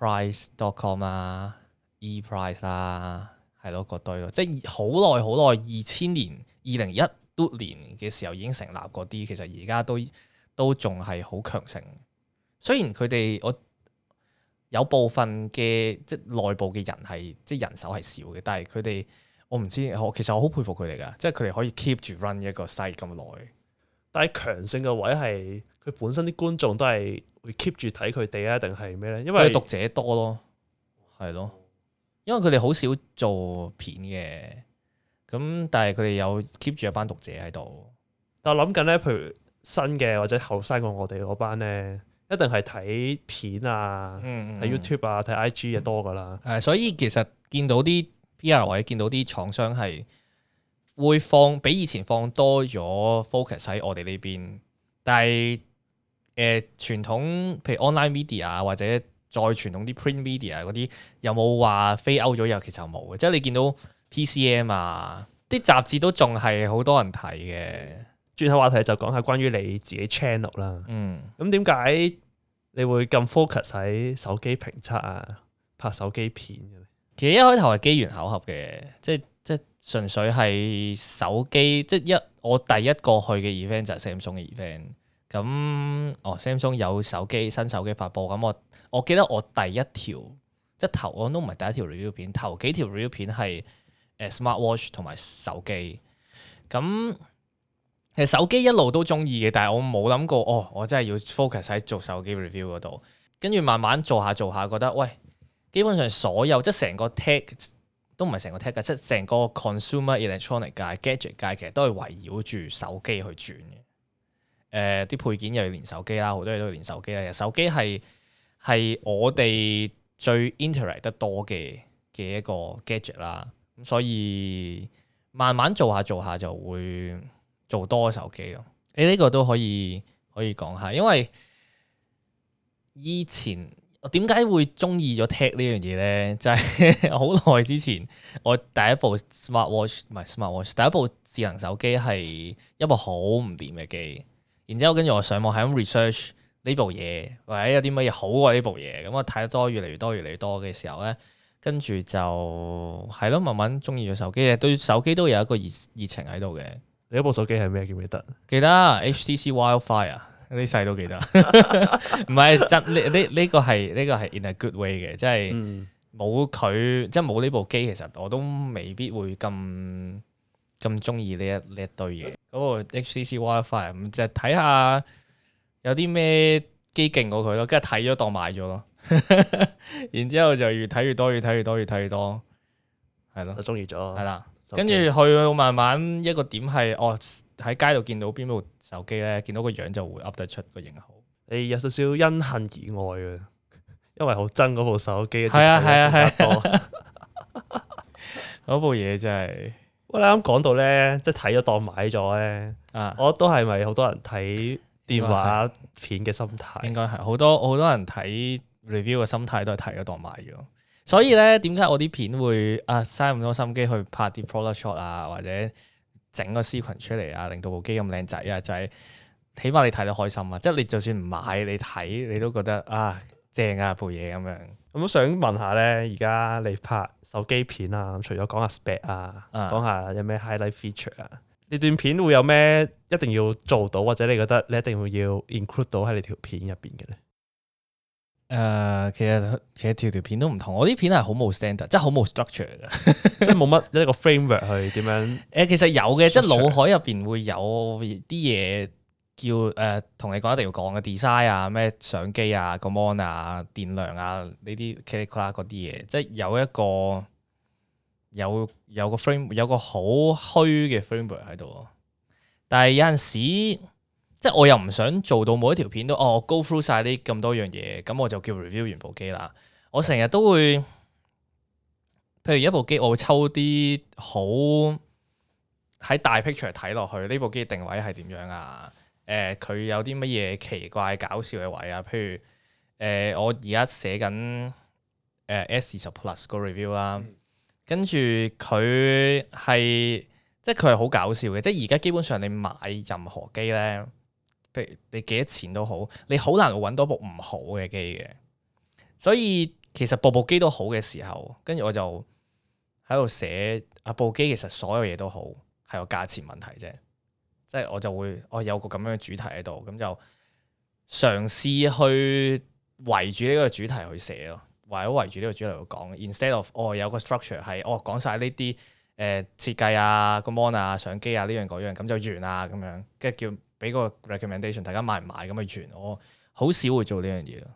Price.com 啊，ePrice 啊，係咯、e，嗰堆咯，即係好耐好耐，二千年、二零一都年嘅時候已經成立嗰啲，其實而家都都仲係好強盛。雖然佢哋我有部分嘅，即係內部嘅人係即係人手係少嘅，但係佢哋我唔知，我知其實我好佩服佢哋噶即係佢哋可以 keep 住 run 一個 site 咁耐。但係強盛嘅位係佢本身啲觀眾都係。會 keep 住睇佢哋啊，定係咩咧？因為讀者多咯，係咯，因為佢哋好少做片嘅，咁但係佢哋有 keep 住一班讀者喺度。但係諗緊咧，譬如新嘅或者後生過我哋嗰班咧，一定係睇片啊，睇、嗯嗯、YouTube 啊，睇 IG 嘅多噶啦。係，所以其實見到啲 PR 或者見到啲廠商係會放比以前放多咗 focus 喺我哋呢邊，但係。誒、呃、傳統譬如 online media 或者再傳統啲 print media 嗰啲，有冇話非歐咗右？其實冇嘅，即係你見到 PCM 啊，啲雜誌都仲係好多人睇嘅。轉下話題就講下關於你自己 channel 啦。嗯，咁點解你會咁 focus 喺手機評測啊，拍手機片嘅咧？其實一開頭係機緣巧合嘅，即係即係純粹係手機，即係一我第一個去嘅 event 就係 Samsung 嘅 event。咁，哦，Samsung 有手機新手機發佈，咁我我記得我第一條即頭我都唔係第一條 review 片，頭幾條 review 片係誒 smartwatch 同埋手機。咁其實手機一路都鍾意嘅，但係我冇諗過，哦，我真係要 focus 喺做手機 review 嗰度，跟住慢慢做下做下，覺得喂，基本上所有即成個 tech 都唔係成個 tech 嘅，即成個 consumer electronic 界、gadget 界，其實都係圍繞住手機去轉嘅。誒啲、呃、配件又要連手機啦，好多嘢都要連手機啦。其實手機係係我哋最 interact 得多嘅嘅一個 gadget 啦。咁所以慢慢做下做下就會做多手機咯。你、欸、呢、這個都可以可以講下，因為以前為我點解會中意咗 tech 呢樣嘢咧？就係好耐之前，我第一部 smart watch 唔係 smart watch，第一部智能手機係一部好唔掂嘅機。然之後，跟住我上網係咁 research 呢部嘢，或、哎、者有啲乜嘢好過呢部嘢。咁我睇得多越嚟越多越嚟越多嘅時候咧，跟住就係咯，慢慢中意咗手機嘅，對手機都有一個熱熱情喺度嘅。你嗰部手機係咩？記唔記得？記得 H C C Wildfire 啊，呢世都記得。唔係真呢呢呢個係呢、這個係 in a good way 嘅，即係冇佢即係冇呢部機，其實我都未必會咁。咁中意呢一呢一堆嘢，嗰個 HCC WiFi，就睇下有啲咩機勁過佢咯，跟住睇咗當買咗咯，然之後就越睇越多，越睇越多，越睇越多，係咯，就中意咗，係 啦樂。跟住去慢慢一個點係，我、哦、喺街度見到邊部手機咧，見到個樣就會噏得出個型號。 你有少少因恨而愛嘅，因為好憎嗰部手機，係啊係啊係，嗰 部嘢真係、就。是喂，你啱講到咧，即係睇咗當買咗咧、啊。啊，我都係咪好多人睇電話片嘅心態？應該係好多好多人睇 review 嘅心態都係睇咗當買咗。所以咧，點解我啲片會啊嘥咁多心機去拍啲 product shot 啊，或者整個 sequence 出嚟啊，令到部機咁靚仔啊？就係、是、起碼你睇得開心啊！即、就、係、是、你就算唔買，你睇你都覺得啊正啊部嘢咁樣。咁我想問下咧，而家你拍手機片，啊，除咗講下 spec 啊，講下、嗯、有咩 highlight feature 啊、嗯，呢段片會有咩一定要做到，或者你覺得你一定會要 include 到喺你條片入邊嘅咧？誒、呃，其實其實條條片都唔同，我啲片係好冇 standard，即係好冇 structure 嘅， 即係冇乜一個 framework 去點樣？誒，其實有嘅，Structure 即係腦海入邊會有啲嘢。叫誒同你講一定要講嘅 design 啊，咩相機啊、個 mon 啊、電量啊呢啲，其他嗰啲嘢，即係有一個有有個 frame，有個好虛嘅 framework 喺度。但係有陣時，即係我又唔想做到每一條片都哦 go through 晒啲咁多樣嘢，咁我就叫 review 完部機啦。我成日都會，譬如一部機，我會抽啲好喺大 picture 睇落去，呢部機嘅定位係點樣啊？誒佢、呃、有啲乜嘢奇怪搞笑嘅位啊？譬如誒、呃，我而家寫緊誒、呃、S20 Plus 個 review 啦，跟住佢係，即係佢係好搞笑嘅。即係而家基本上你買任何機咧，譬如你幾多錢都好，你好難會揾到部唔好嘅機嘅。所以其實部部機都好嘅時候，跟住我就喺度寫啊部機其實所有嘢都好，係個價錢問題啫。即係我就會，我有個咁樣嘅主題喺度，咁就嘗試去圍住呢個主題去寫咯，或者圍住呢個主題去講。Instead of 哦有個 structure 係哦講晒呢啲誒設計啊、個 mon 啊、相機啊呢樣嗰樣，咁就完啊咁樣，跟住叫俾個 recommendation，大家買唔買咁就完。我好少會做呢樣嘢咯。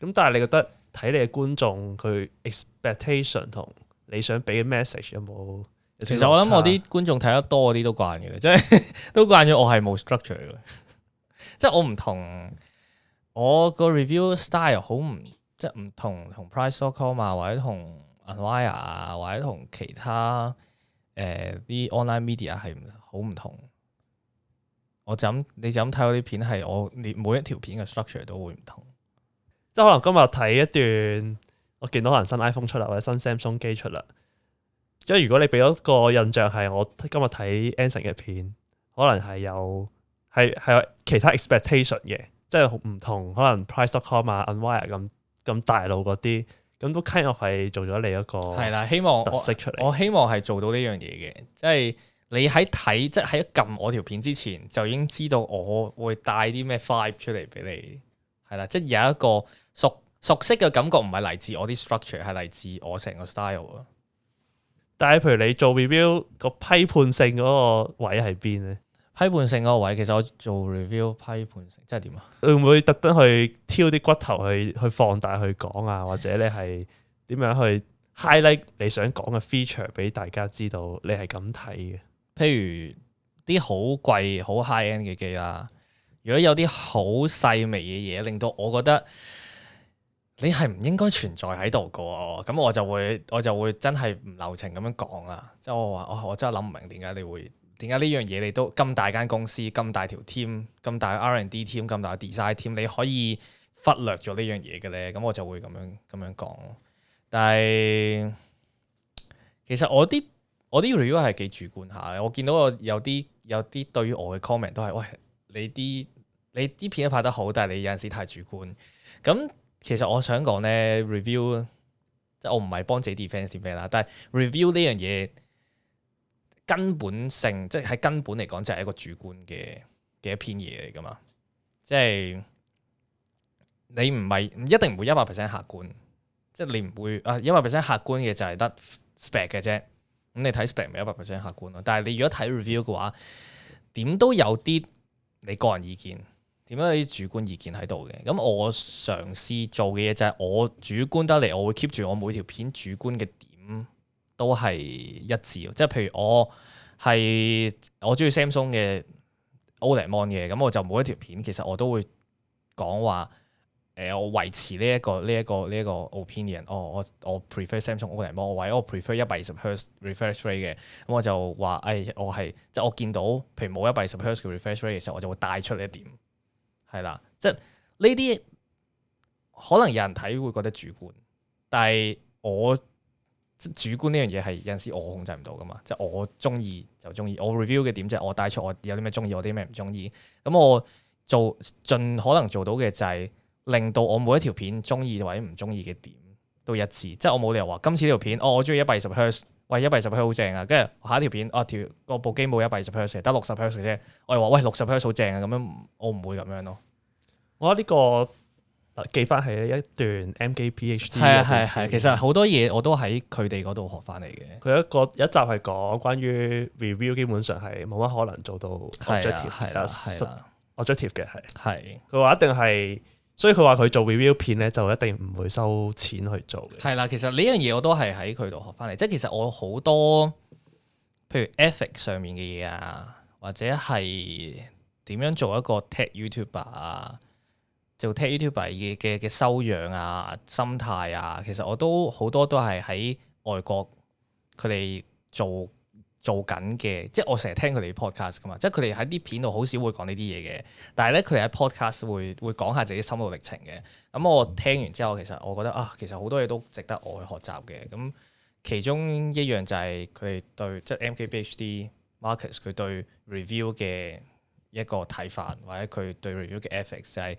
咁、嗯、但係你覺得睇你嘅觀眾佢 expectation 同你想俾嘅 message 有冇？其實我諗我啲觀眾睇得多嗰啲都慣嘅， 慣 即係都慣咗我係冇 structure 嘅，即係我唔同我個 review style 好唔即係唔同同 Price.com 啊，或者同 Unwire 啊，或者同其他誒啲 online media 係好唔同。我，同 com, wire,、呃、同我就咁你就咁睇我啲片係我你每一條片嘅 structure 都會唔同，即係可能今日睇一段，我見到可能新 iPhone 出啦，或者新 Samsung 機出啦。即係如果你俾咗個印象係我今日睇 Anson 嘅片，可能係有係有其他 expectation 嘅，即係唔同可能 Price.com 啊、Unwire 咁咁大路嗰啲，咁都 kind of 係做咗你一個係啦，希望特色出嚟。我希望係做到呢樣嘢嘅，即係你喺睇即係喺一撳我條片之前，就已經知道我會帶啲咩 vibe 出嚟俾你，係啦，即係有一個熟熟悉嘅感覺，唔係嚟自我啲 structure，係嚟自我成個 style 啊。但係，譬如你做 review 個批判性嗰個位喺邊咧？批判性嗰個位其實我做 review 批判性即係點啊？會唔會特登去挑啲骨頭去去放大去講啊？或者你係點樣去 highlight 你想講嘅 feature 俾大家知道你係咁睇嘅？譬如啲好貴好 high-end 嘅機啦，如果有啲好細微嘅嘢令到我覺得，你係唔應該存在喺度㗎喎，咁我就會我就會真係唔留情咁樣講啦。即係我話，我真係諗唔明點解你會點解呢樣嘢你都咁大間公司咁大條 team 咁大 R&D team 咁大 design team 你可以忽略咗呢樣嘢嘅咧？咁我就會咁樣咁樣講。但係其實我啲我啲 review 係幾主觀下嘅。我見到有有我有啲有啲對於我嘅 comment 都係，喂，你啲你啲片都拍得好，但係你有陣時太主觀咁。其實我想講咧，review 即係我唔係幫自己 defend 啲咩啦，但係 review 呢樣嘢根本性即係喺根本嚟講就係一個主觀嘅嘅一篇嘢嚟噶嘛，即係你唔係唔一定唔會一百 percent 客觀，即係你唔會啊一百 percent 客觀嘅就係得 spec 嘅啫。咁你睇 spec 咪一百 percent 客觀咯，但係你如果睇 review 嘅話，點都有啲你個人意見。點解有啲主觀意見喺度嘅？咁我嘗試做嘅嘢就係我主觀得嚟，我會 keep 住我每條片主觀嘅點都係一致。即係譬如我係我中意 Samsung 嘅 OLED mon 嘅，咁我就每一條片其實我都會講話誒，我維持呢一個呢一個呢一個 opinion。哦，我我 prefer Samsung OLED mon，或者我 prefer 一百二十 hertz refresh rate 嘅。咁我就話誒、哎，我係即係我見到譬如冇一百二十 hertz 嘅 refresh rate 嘅時候，我就會帶出呢一點。係啦，即係呢啲可能有人睇會覺得主觀，但係我即係主觀呢樣嘢係有陣時我控制唔到噶嘛，即係我中意就中意，我 review 嘅點就係我帶出我有啲咩中意，我有啲咩唔中意。咁、嗯、我做盡可能做到嘅就係令到我每一條片中意或者唔中意嘅點都一致，即係我冇理由話今次呢條片哦我中意一百二十 percent。喂，一百二十赫茲好正啊！跟住下一條片，哦、啊、條個部機冇一百二十赫茲得六十赫茲啫。我哋話喂，六十赫茲好正啊！咁樣我唔會咁樣咯、啊。我覺得呢、這個記翻起一段 MKBHD 係啊係啊，啊，其實好多嘢我都喺佢哋嗰度學翻嚟嘅。佢一個一集係講關於 review，基本上係冇乜可能做到 objective，objective 嘅係係、啊。佢話一定係。所以佢話佢做 review 片咧，就一定唔會收錢去做嘅。係啦，其實呢樣嘢我都係喺佢度學翻嚟。即係其實我好多譬如 ethic 上面嘅嘢啊，或者係點樣做一個 tech YouTuber 啊，做 tech YouTuber 嘅嘅嘅修養啊、心態啊，其實我都好多都係喺外國佢哋做做緊嘅，即係我成日聽佢哋啲 podcast 㗎嘛。即係佢哋喺啲片度好少會講呢啲嘢嘅，但係咧佢哋喺 podcast 會會講下自己心路歷程嘅。咁、嗯、我聽完之後，其實我覺得啊，其實好多嘢都值得我去學習嘅。咁、嗯、其中一樣就係佢哋對即係 MKBHD Marques 佢對 review 嘅一個睇法，或者佢對 review 嘅 ethics 就係、是、誒、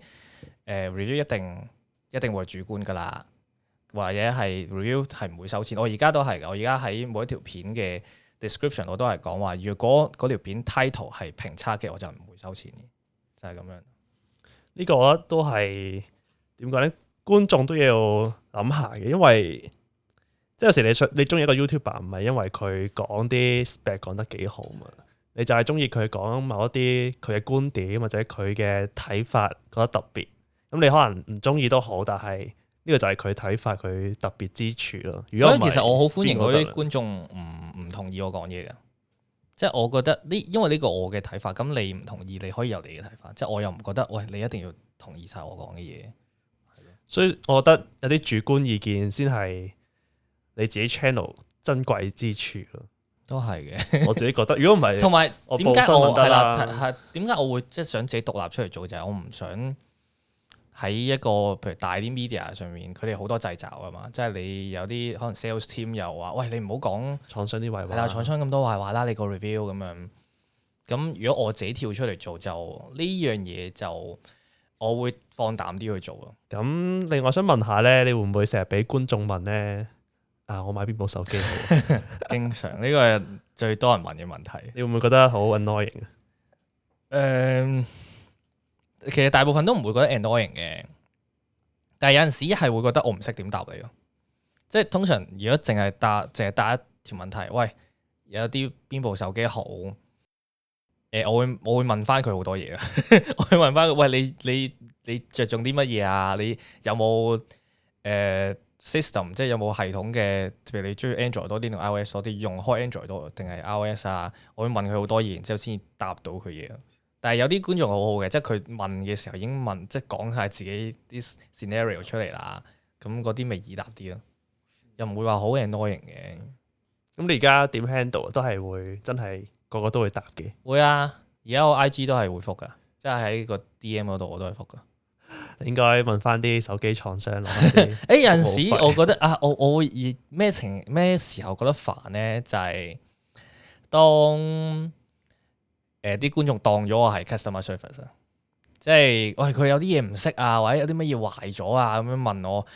呃、review 一定一定會主觀㗎啦，或者係 review 係唔會收錢。我而家都係，我而家喺每一條片嘅。description 我都係講話，如果嗰條片 title 係評測嘅，我就唔會收錢，就係、是、咁樣。呢個我覺得都係點講咧？觀眾都要諗下嘅，因為即係、就是、有時你想你中意一個 YouTuber，唔係因為佢講啲 spec 講得幾好嘛，你就係中意佢講某一啲佢嘅觀點或者佢嘅睇法覺得特別。咁你可能唔中意都好，但係。呢個就係佢睇法，佢特別之處咯。所以其實我好歡迎嗰啲觀眾唔唔同意我講嘢嘅，即係我覺得呢，因為呢個我嘅睇法，咁你唔同意，你可以有你嘅睇法。即係我又唔覺得，喂、哎，你一定要同意晒我講嘅嘢。所以我覺得有啲主觀意見先係你自己 channel 珍貴之處咯。都係是嘅， 我自己覺得。如果唔係，同埋點解我係報啦？點解我會即係想自己獨立出嚟做就係、是、我唔想。喺一個譬如大啲 media 上面，佢哋好多掣肘啊嘛，即係你有啲可能 sales team 又話：喂，你唔好講廠商啲壞話，係啦，廠商咁多壞話啦，你個 review 咁樣。咁如果我自己跳出嚟做，就呢樣嘢就我會放膽啲去做咯。咁另外想問下咧，你會唔會成日俾觀眾問咧？啊，我買邊部手機好？ 經常呢個 係最多人問嘅問題，你會唔會覺得好 annoying 啊？誒。其實大部分都唔會覺得 annoying 嘅，但係有陣時係會覺得我唔識點答你咯。即係通常如果淨係答淨係答一條問題，喂，有啲邊部手機好？誒、呃，我會我會問翻佢好多嘢 啊、呃、啊，我會問翻喂，你你你着重啲乜嘢啊？你有冇誒 system 即係有冇系統嘅？譬如你中意 Android 多啲定 iOS 多啲？用開 Android 多定係 iOS 啊？我會問佢好多嘢，然之後先答到佢嘢。但係有啲觀眾好好嘅，即係佢問嘅時候已經問，即係講曬自己啲 scenario 出嚟啦，咁嗰啲咪易答啲咯，又唔會話好 annoying 嘅。咁、嗯、你而家點 handle 都係會真係個個都會答嘅？會啊，而家我 IG 都係回覆噶，即係喺個 DM 嗰度我都係覆噶。應該問翻啲手機廠商咯。誒、 欸、有陣時我覺得 啊，我我會以咩情咩時候覺得煩咧，就係、是、當。誒啲、呃、觀眾當咗我係 customer service 啊，即係喂，佢有啲嘢唔識啊，或者有啲乜嘢壞咗啊，咁樣問我。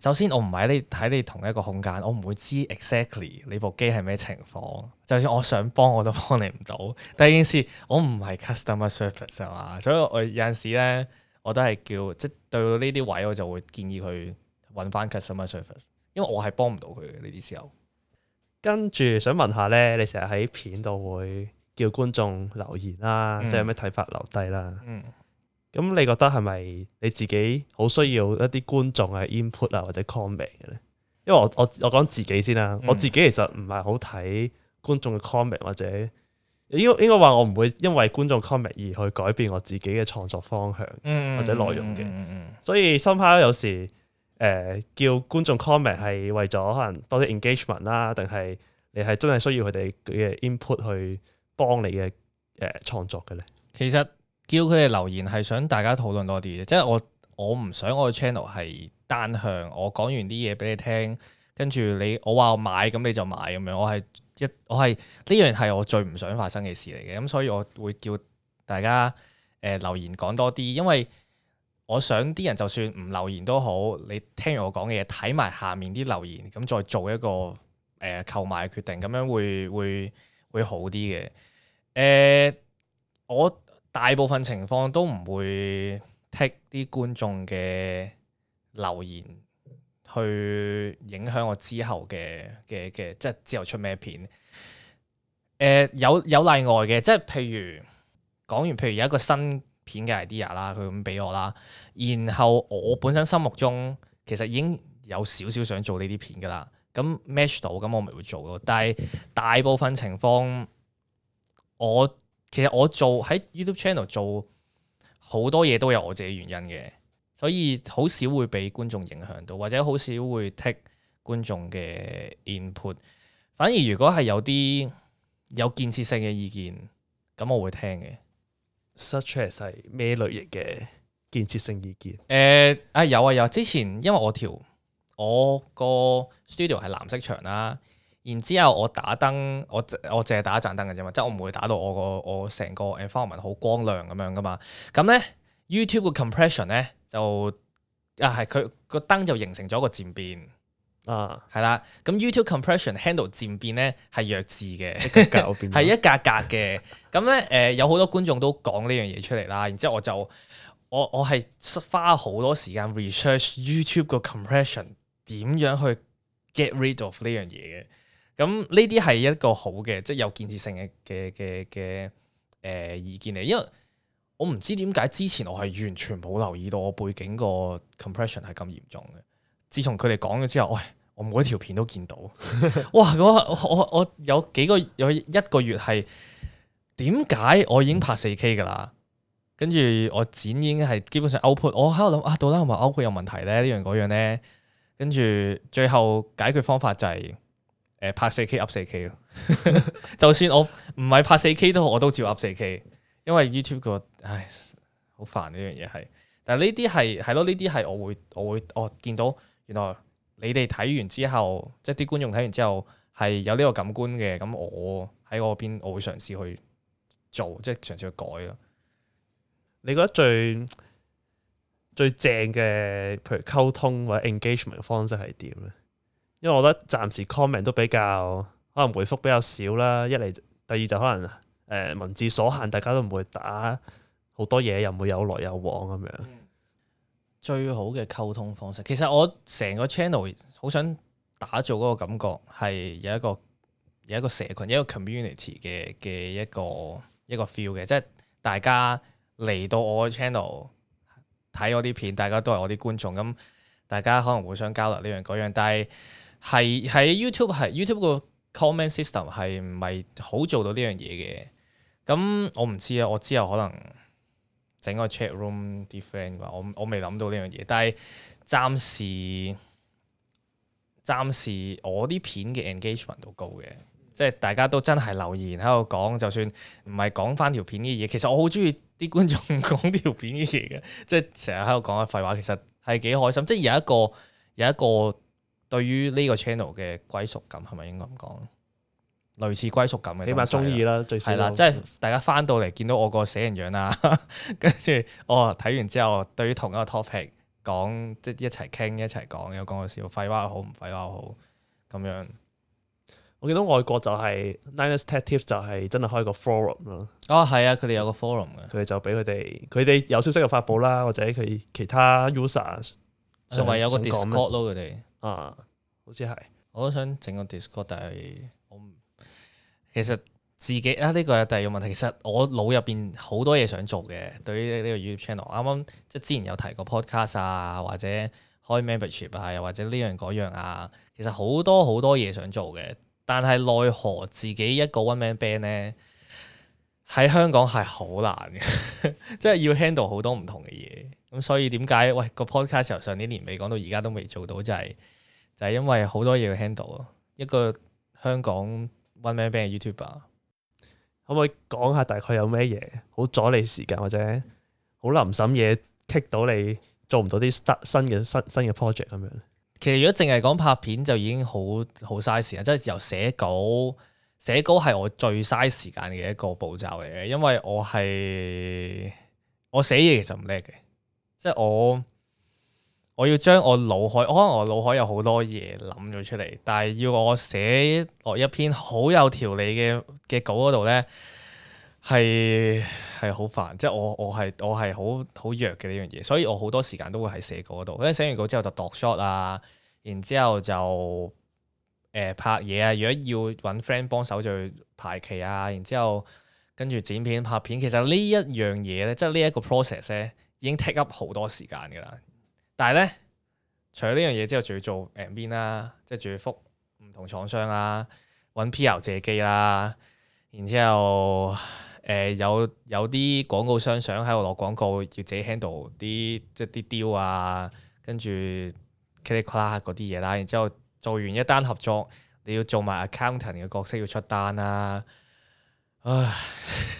首先我唔係喺你喺你同一個空間，我唔會知 exactly 你部機係咩情況。就算我想幫我都幫你唔到。第二件事我唔係 customer service 啊嘛，所以我有陣時咧我都係叫即、即係、對呢啲位我就會建議佢揾翻 customer service，因為我係幫唔到佢嘅呢啲時候。跟住想問下咧，你成日喺片度會叫觀眾留言啦，嗯、即係有咩睇法留低啦。嗯，咁你覺得係咪你自己好需要一啲觀眾嘅 input 啊，或者 comment 嘅咧？因為我我我講自己先啦，嗯、我自己其實唔係好睇觀眾嘅 comment 或者應該應該話我唔會因為觀眾 comment 而去改變我自己嘅創作方向，或者內容嘅。嗯、所以深刻有時誒、呃、叫觀眾 comment 係為咗可能多啲 engagement 啦，定係你係真係需要佢哋嘅 input 去。幫你嘅誒、呃、創作嘅咧，其實叫佢哋留言係想大家討論多啲嘅，即係我我唔想我 channel 係單向，我講完啲嘢俾你聽，跟住你我話我買，咁你就買咁樣，我係一我係呢樣係我最唔想發生嘅事嚟嘅，咁所以我會叫大家誒、呃、留言講多啲，因為我想啲人就算唔留言都好，你聽完我講嘅嘢，睇埋下面啲留言，咁再做一個誒、呃、購買決定，咁樣會會會會好啲嘅。誒、呃，我大部分情況都唔會 take 啲觀眾嘅留言去影響我之後嘅嘅嘅，即係之後出咩片。誒、呃，有有例外嘅，即係譬如講完，譬如有一個新片嘅 idea 啦，佢咁俾我啦，然後我本身心目中其實已經有少少想做呢啲片噶啦，咁 match 到，咁我咪會做咯。但係大部分情況。我其實我做喺 YouTube channel 做好多嘢都有我自己原因嘅，所以好少會俾觀眾影響到，或者好少會 take 觀眾嘅 input。反而如果係有啲有建設性嘅意見，咁我會聽嘅。Such as 係咩類型嘅建設性意見？誒啊、uh, 有啊有啊，之前因為我條我個 studio 係藍色牆啦。然之後我打燈，我我淨係打一盞燈嘅啫嘛，即係我唔會打到我個我成個 environment 好光亮咁樣噶嘛。咁咧 YouTube 個 compression 咧就啊係佢個燈就形成咗個漸變啊，係啦。咁 YouTube compression handle 漸變咧係弱智嘅，係一， 一格格嘅。咁咧誒有好多觀眾都講呢樣嘢出嚟啦。然之後我就我我係花好多時間 research YouTube 個 compression 點樣去 get rid of 呢樣嘢。嘅。咁呢啲係一個好嘅，即、就、係、是、有建設性嘅嘅嘅嘅誒意見嚟。因為我唔知點解之前我係完全冇留意到我背景個 compression 係咁嚴重嘅。自從佢哋講咗之後，喂、哎，我每條片都見到， 哇！我我我有幾個有一個月係點解我已經拍四 K 噶啦，跟住我剪已經係基本上 output，我喺度諗啊，到底係咪 output 有問題咧？樣樣呢樣嗰樣咧，跟住最後解決方法就係、是。誒、呃，拍四 K，up 四 K 咯。 就算我唔係拍四 K 都好，我都照 up 四 K，因為 YouTube 個唉，好煩呢樣嘢係。但係呢啲係係咯，呢啲係我會，我會，我、哦、見到原來你哋睇完之後，即係啲觀眾睇完之後係有呢個感官嘅。咁我喺我邊，我會嘗試去做，即係嘗試去改咯。你覺得最最正嘅，譬如溝通或者 engagement 嘅方式係點咧？因為我覺得暫時 comment 都比較可能回覆比較少啦，一嚟第二就可能誒、呃、文字所限，大家都唔會打好多嘢，又唔會有來有往咁樣，嗯。最好嘅溝通方式，其實我成個 channel 好想打造嗰個感覺係有一個有一個社群一個 community 嘅嘅一個一個 feel 嘅，即係大家嚟到我嘅 channel 睇我啲片，大家都係我啲觀眾咁，大家可能互相交流呢樣嗰樣，但係。係喺 you YouTube 係 YouTube 個 comment system 係唔係好做到呢樣嘢嘅？咁我唔知啊，我之後可能整個 chat room 啲 friend 話我我未諗到呢樣嘢，但係暫時暫時我啲片嘅 engagement 度高嘅，即係大家都真係留言喺度講，就算唔係講翻條片啲嘢，其實我好中意啲觀眾講條片啲嘢嘅，即係成日喺度講緊廢話，其實係幾開心，即係有一個有一個。對於呢個 channel 嘅歸屬感係咪應該咁講？類似歸屬感嘅，起碼鍾意啦，最少啦。即係大家翻到嚟見到我個死人樣啊，跟住我睇完之後，對於同一個 topic 講，即係一齊傾、一齊講，有講有笑，廢話又好，唔廢話又好，咁樣。我見到外國就係、是、Linus Tech Tips 就係真係開個 forum 咯。哦，係啊，佢哋有個 forum 嘅，佢哋就俾佢哋，佢哋有消息就發布啦，或者佢其他 users 仲咪有個 Discord 咯，佢哋。啊，uh，好似係，我都想整個 Discord，但係我唔，其實自己啊呢、呢個係第二個問題。其實我腦入邊好多嘢想做嘅，對於呢個 YouTube channel，啱啱即係之前有提過 Podcast 啊，或者開 Membership 啊，又或者呢樣嗰樣啊，其實好多好多嘢想做嘅，但係奈何自己一個 One Man Band 咧，喺香港係好難嘅， 即係要 handle 好多唔同嘅嘢。咁、嗯、所以點解喂、個 podcast 由上年年尾講到而家都未做到，就係、係、就係因為好多嘢要 handle 咯。一個香港 one man band 嘅 YouTuber，可唔可以講下大概有咩嘢好阻你時間，或者好臨審嘢棘到你做唔到啲新嘅新新嘅 project 咁樣咧？其實如果淨係講拍片就已經好好嘥時間，即係由寫稿寫稿係我最嘥時間嘅一個步驟嚟嘅，因為我係我寫嘢其實唔叻嘅。即係我，我要將我腦海，我可能我腦海有好多嘢諗咗出嚟，但係要我寫落一篇好有條理嘅嘅稿嗰度咧，係係好煩。即係我我係我係好好弱嘅呢樣嘢，所以我好多時間都會喺寫稿嗰度。咁寫完稿之後就度 shot 啊，然之後就誒、呃、拍嘢啊。如果要揾 friend 幫手就去排期啊，然之後跟住剪片拍片。其實呢一樣嘢咧，即係呢一個 process 咧。已經 take up 好多時間㗎啦，但係咧，除咗呢樣嘢之後，仲要做 admin 啦，即係仲要覆唔同廠商啦、啊，揾 PR 借機啦、啊，然之後誒、呃、有有啲廣告商想喺度落廣告，要自己 handle 啲即係啲 deal 啊，跟住 click click 嗰啲嘢啦，然之後做完一單合作，你要做埋 accountant 嘅角色要出單、啊、唉，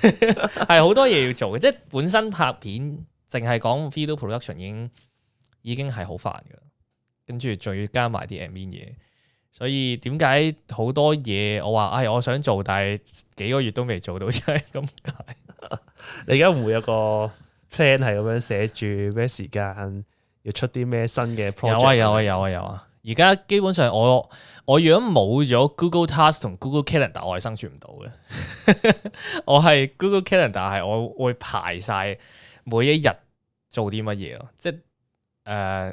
係 好 多嘢要做嘅， 即係本身拍片。淨係講 video production 已經已經係好煩噶，跟住仲要加埋啲 admin 嘢，所以點解好多嘢我話，哎，我想做，但係幾個月都未做到，真係咁解。 你而家會有個 plan 係咁樣寫住咩時間要出啲咩新嘅 project？有啊有啊有啊有啊！而家、啊啊啊啊、基本上我我如果冇咗 Google Tasks 同 Google Calendar，我係生存唔到嘅。 我係 Google Calendar 係我會排晒。每一日做啲乜嘢咯？即係誒，係、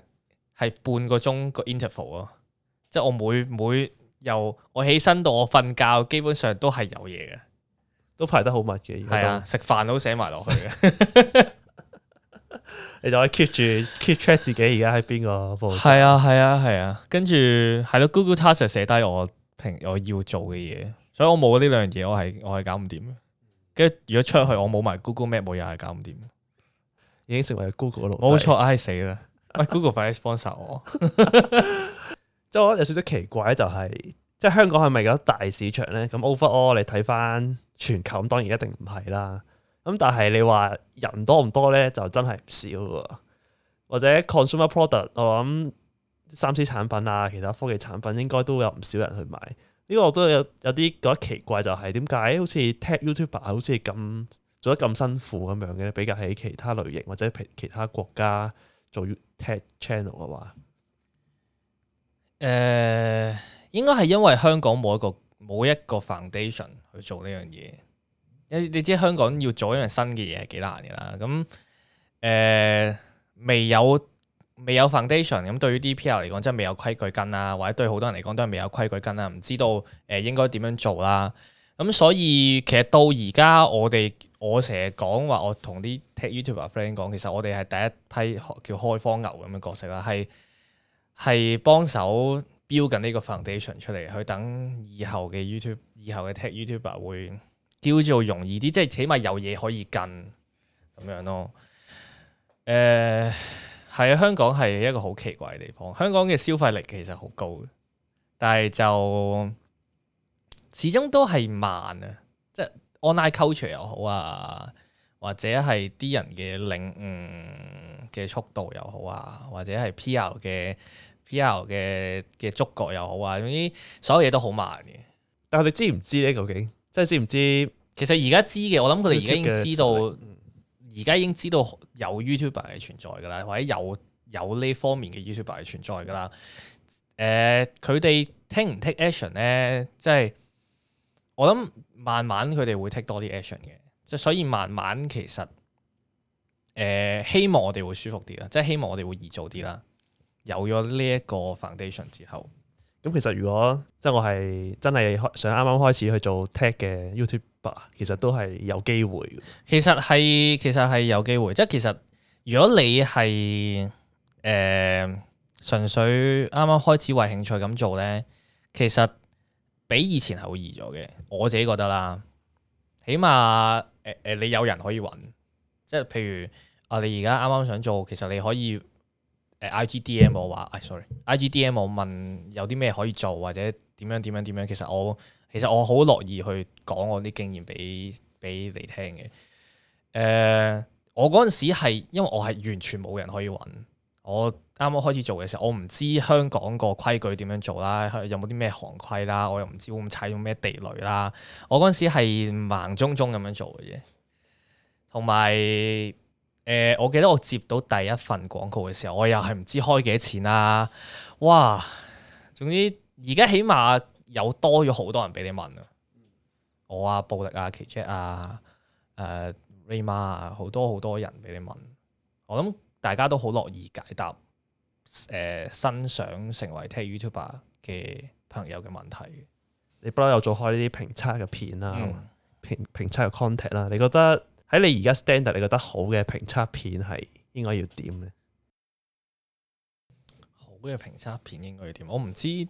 呃、半個鐘個 interval 咯。即我每每由我起身到我瞓覺，基本上都係有嘢嘅，都排得好密嘅。係啊，食飯都寫埋落去嘅。 你就可以 keep 住 keep track 自己而家喺邊個步。係啊，係啊，係啊。跟住係咯，Google Task 就寫低我平我要做嘅嘢。所以我冇呢兩樣嘢，我係我係搞唔掂嘅。跟住如果出去，我冇埋 Google Map，冇嘢係搞唔掂。已經成為 Google 嘅奴隸冇錯唉死啦！喂 ，Google 快啲幫手，我即係我覺得有少少奇怪就係、是、即係香港係咪有大市場咧？咁 Overall 你睇翻全球，咁當然一定唔係啦。咁但係你話人多唔多咧？就真係唔少喎。或者 consumer product，我諗三 C 產品啊，其他科技產品應該都有唔少人去買。呢、這個我都有有啲覺得奇怪就，就係點解好似 Tech YouTuber 好似咁？做得咁辛苦咁樣嘅，比較喺其他類型或者其他國家做 tech channel 嘅話，誒、呃、應該係因為香港冇一個冇一個 foundation 去做呢樣嘢。你你知香港要做一樣新嘅嘢係幾難嘅啦。咁誒、呃、未有未有 foundation 咁，對於 DPR 嚟講真係未有規矩跟啊，或者對好多人嚟講都係未有規矩跟啊，唔知道誒應該點樣做啦。咁所以其實到而家我哋我成日講話，我同啲 tech YouTuber friend 講，其實我哋係第一批叫開荒牛咁嘅角色啦，係係幫手標緊呢個 foundation 出嚟，去等以後嘅 YouTube、以後嘅 tech YouTuber 會叫做容易啲，即係起碼有嘢可以跟咁樣咯。誒、呃，係啊，香港係一個好奇怪嘅地方，香港嘅消費力其實好高，但係就始終都係慢啊，即係。online culture 又好啊，或者係啲人嘅領悟嘅速度又好啊，或者係 P.R. 嘅 P.R. 嘅嘅觸覺又好啊，總之所有嘢都好慢嘅。但係你知唔知咧？究竟即係知唔知？其實而家知嘅，我諗佢哋已經知道，而家已經知道有 YouTuber 係存在噶啦，或者有有呢方面嘅 YouTuber 係存在噶啦。誒、呃，佢哋聽唔 take action 咧？即、就、係、是、我諗。慢慢佢哋會 take 多啲 action 嘅，即所以慢慢其實，誒、呃、希望我哋會舒服啲啦，即係希望我哋會易做啲啦。有咗呢一個 foundation 之後，咁其實如果即係我係真係想啱啱開始去做 t a c h 嘅 y o u t u b e 其實都係有機會嘅。其實係其實係有機會，即係其實如果你係誒、呃、純粹啱啱開始為興趣咁做咧，其實。比以前係好易咗嘅，我自己覺得啦，起碼誒誒，你有人可以搵，即係譬如啊，你而家啱啱想做，其實你可以誒、呃、I G D M 我話、哎、，sorry I G D M 我問有啲咩可以做或者點樣點樣點樣，其實我其實我好樂意去講我啲經驗俾俾你聽嘅。誒、呃，我嗰陣時係因為我係完全冇人可以搵。我。啱啱開始做嘅時候，我唔知香港個規矩點樣做啦，有冇啲咩行規啦，我又唔知會唔會踩到咩地雷啦。我嗰陣時係盲中中咁樣做嘅啫。同埋誒，我記得我接到第一份廣告嘅時候，我又係唔知開幾錢啦、啊。哇！總之而家起碼有多咗好多人俾你問啊。我啊，暴力啊，KJ 啊、呃，誒 Ray 媽啊，好多好多人俾你問。我諗大家都好樂意解答。誒、呃，新想成為 tech YouTuber 嘅朋友嘅問題，你不嬲有做開呢啲評測嘅片啦、嗯，評評測嘅 content 啦，你覺得喺你而家 standard 你覺得好嘅評測片係應該要點呢？好嘅評測片應該要點？我唔知，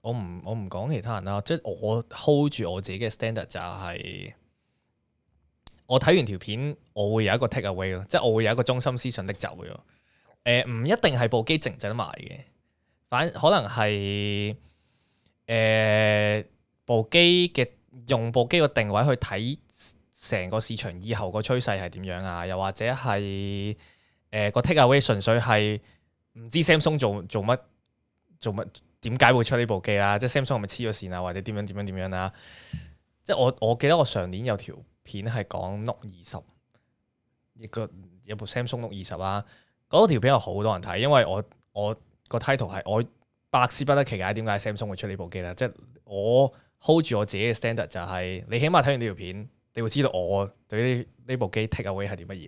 我唔我唔講其他人啦，即係我 hold 住我自己嘅 standard 就係，我睇完條片，我會有一個 take away 咯，即係我會有一個中心思想攞走咗。誒唔、呃、一定係部機值唔值得買嘅，反可能係誒、呃、部機嘅用部機個定位去睇成個市場以後個趨勢係點樣啊？又或者係誒、呃那個 take away 純粹係唔知 Samsung 做做乜做乜點解會出呢部機啦、啊？即係 Samsung 係咪黐咗線啊？或者點樣點樣點樣啦、啊？即係我我記得我上年有條片係講 Note 二十，一個有部 Samsung Note 二十啊。嗰條片有好多人睇，因為我我個 title 係我百思不得其解，點解 Samsung 會出呢部機咧？即係我 hold 住我自己嘅 standard 就係、是，你起碼睇完呢條片，你會知道我對呢呢部機 take away 係啲乜嘢。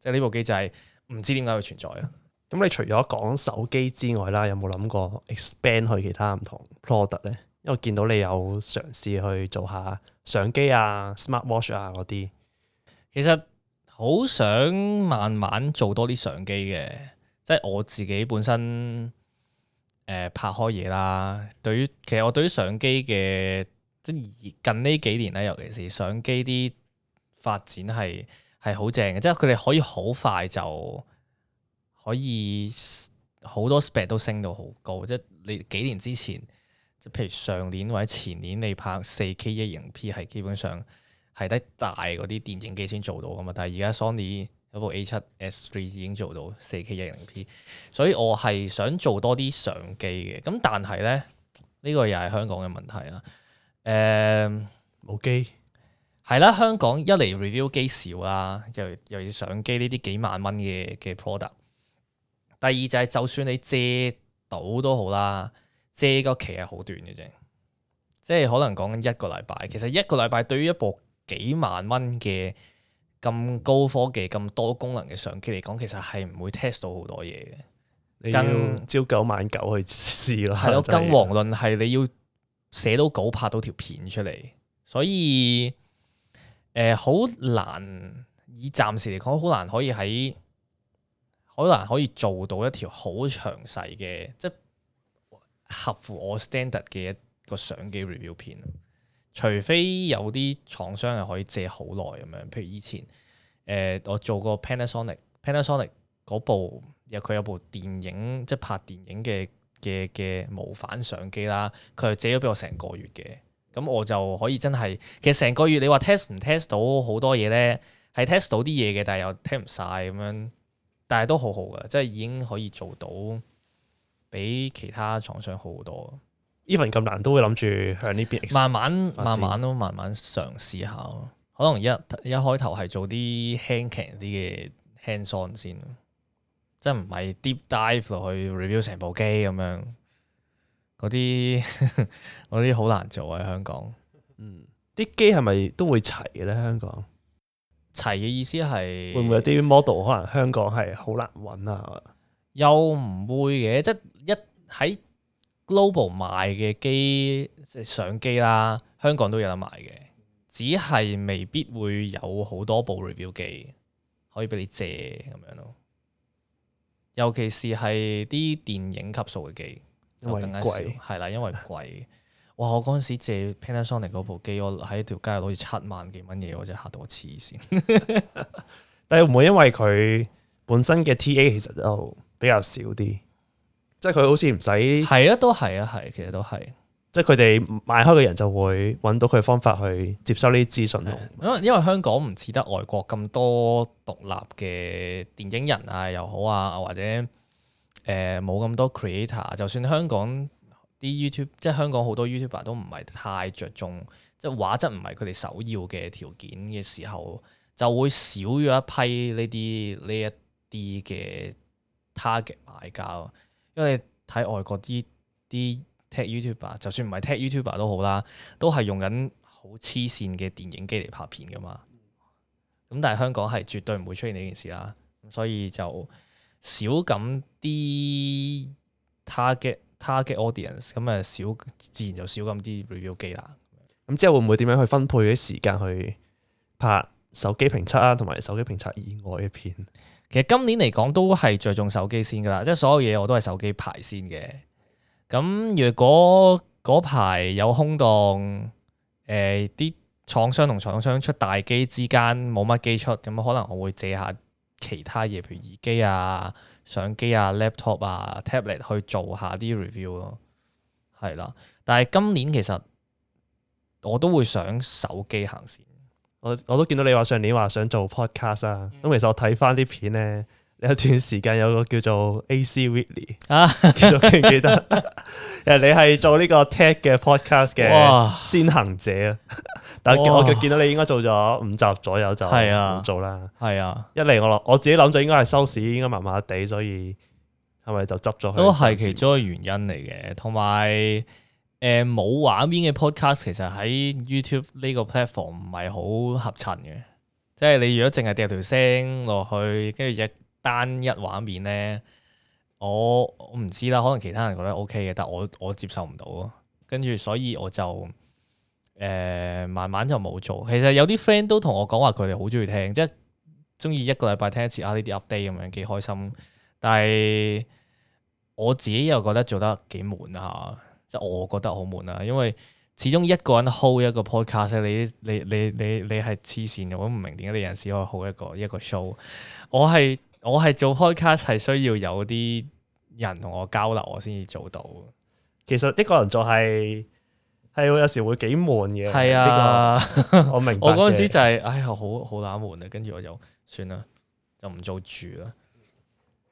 即係呢部機就係唔知點解會存在啊。咁、嗯、你除咗講手機之外啦，有冇諗過 expand 去其他唔同 product 咧？因為我見到你有嘗試去做下相機啊、smartwatch 啊嗰啲，其實。好想慢慢做多啲相機嘅，即係我自己本身誒、呃、拍開嘢啦。對於其實我對於相機嘅，即係近呢幾年咧，尤其是相機啲發展係係好正嘅，即係佢哋可以好快就可以好多 spec 都升到好高。即係你幾年之前，即譬如上年或者前年，你拍四 K 一百 P 係基本上。係得大嗰啲電影機先做到㗎嘛，但係而家 Sony 有部 A7S3 已經做到 4K10P，所以我係想做多啲相機嘅，咁但係咧呢、呢個又係香港嘅問題啦。誒、呃，冇機係啦，香港一嚟 review 機少啦，又又要相機呢啲幾萬蚊嘅嘅 product，第二就係就算你借到都好啦，借個期係好短嘅啫，即係可能講緊一個禮拜，其實一個禮拜對於一部。幾萬蚊嘅咁高科技、咁多功能嘅相機嚟講，其實係唔會 test 到好多嘢嘅。你用跟朝九晚九去試咯，跟黃論係你要寫到稿、拍到條片出嚟，所以誒好、呃、難以暫時嚟講，好難可以喺好難可以做到一條好詳細嘅，即係合乎我 standard 嘅一個相機 review 片除非有啲廠商係可以借好耐咁樣，譬如以前，誒、呃、我做過 Panasonic，Panasonic 嗰部，因佢有部電影即係拍電影嘅嘅嘅無反相機啦，佢係借咗俾我成個月嘅，咁我就可以真係，其實成個月你話 test 唔 test 到好多嘢咧，係 test 到啲嘢嘅，但係又聽唔晒咁樣，但係都好好嘅，即係已經可以做到比其他廠商好好多。Even 咁難都會諗住向呢邊慢慢慢慢咯，慢慢嘗試下咯。可能一一開頭係做啲輕輕啲嘅 hands on 先，即係唔係 deep dive 落去 review 成部機咁樣。嗰啲嗰啲好難做啊，香港。嗯，啲機係咪都會齊嘅咧？香港齊嘅意思係會唔會有啲 model 可能香港係好難揾啊？又唔會嘅，即係一喺。Global 賣嘅機即係相機啦，香港都有得賣嘅，只係未必會有好多部 review 機可以俾你借咁樣咯。尤其是係啲電影級數嘅機就因為 更加少，係啦，因為貴。 哇！我嗰陣時借 Panasonic 嗰部機，我喺條街攞住七萬幾蚊嘢，我真係嚇到我黐線。 但係會唔會因為佢本身嘅 TA 其實就比較少啲。即係佢好似唔使係啊，都係啊，係，其實都係。即係佢哋賣開嘅人就會揾到佢方法去接收呢啲資訊咯、嗯。因為香港唔似得外國咁多獨立嘅電影人啊又好啊，或者誒冇咁多 creator。就算香港啲 YouTube，即係香港好多 YouTuber 都唔係太着重，即係畫質唔係佢哋首要嘅條件嘅時候，就會少咗一批呢啲呢一啲嘅 target 買家。因為睇外國啲啲 Tech YouTuber，就算唔係 Tech YouTuber 都好啦，都係用緊好黐線嘅電影機嚟拍片噶嘛。咁但係香港係絕對唔會出現呢件事啦，所以就少咁啲 target target audience，咁誒少自然就少咁啲 review 機啦。咁之後會唔會點樣去分配啲時間去拍手機評測啊，同埋手機評測以外嘅片？其實今年嚟講都係着重手機先噶啦，即係所有嘢我都係手機排先嘅。咁如果嗰排有空檔，誒、呃，啲廠商同廠商出大機之間冇乜機出，咁可能我會借下其他嘢，譬如耳機啊、相機啊、啊啊、laptop 啊、tablet 去做下啲 review 咯，係啦。但係今年其實我都會想手機行先。我我都見到你話上年話想做 podcast 啊、嗯，咁其實我睇翻啲片咧，有一段時間有個叫做 AC Ridley、啊、記唔記得？誒， 你係做呢個 tech 嘅 podcast 嘅先行者啊，哇 但係我見到你應該做咗五集左右就唔做啦。係啊，啊一嚟我我自己諗就應該係收視，應該麻麻地，所以係咪就執咗？都係其中一個原因嚟嘅，同埋。誒，呃、冇畫面嘅 podcast 其實喺 YouTube 呢個 platform 唔係好合襯嘅，即係你如果淨係掉條聲落去，跟住只單一畫面咧，我我唔知啦，可能其他人覺得 OK 嘅，但我我接受唔到，跟住所以我就誒、呃、慢慢就冇做。其實有啲 friend 都同我講話佢哋好鍾意聽，即係鍾意一個禮拜聽一次啊呢啲 update 咁樣幾開心，但係我自己又覺得做得幾悶啊。即係我覺得好悶啦，因為始終一個人 hold 一個 podcast，你你你你你係黐線嘅，我都唔明點解你有時可以 hold 一個一個 show。我係我係做 podcast 係需要有啲人同我交流，我先至做到。其實一個人做係係會有時會幾悶嘅。係啊， 我明。 我嗰陣時就係唉呀，好好冷門啊，跟住我就算啦，就唔做住啦。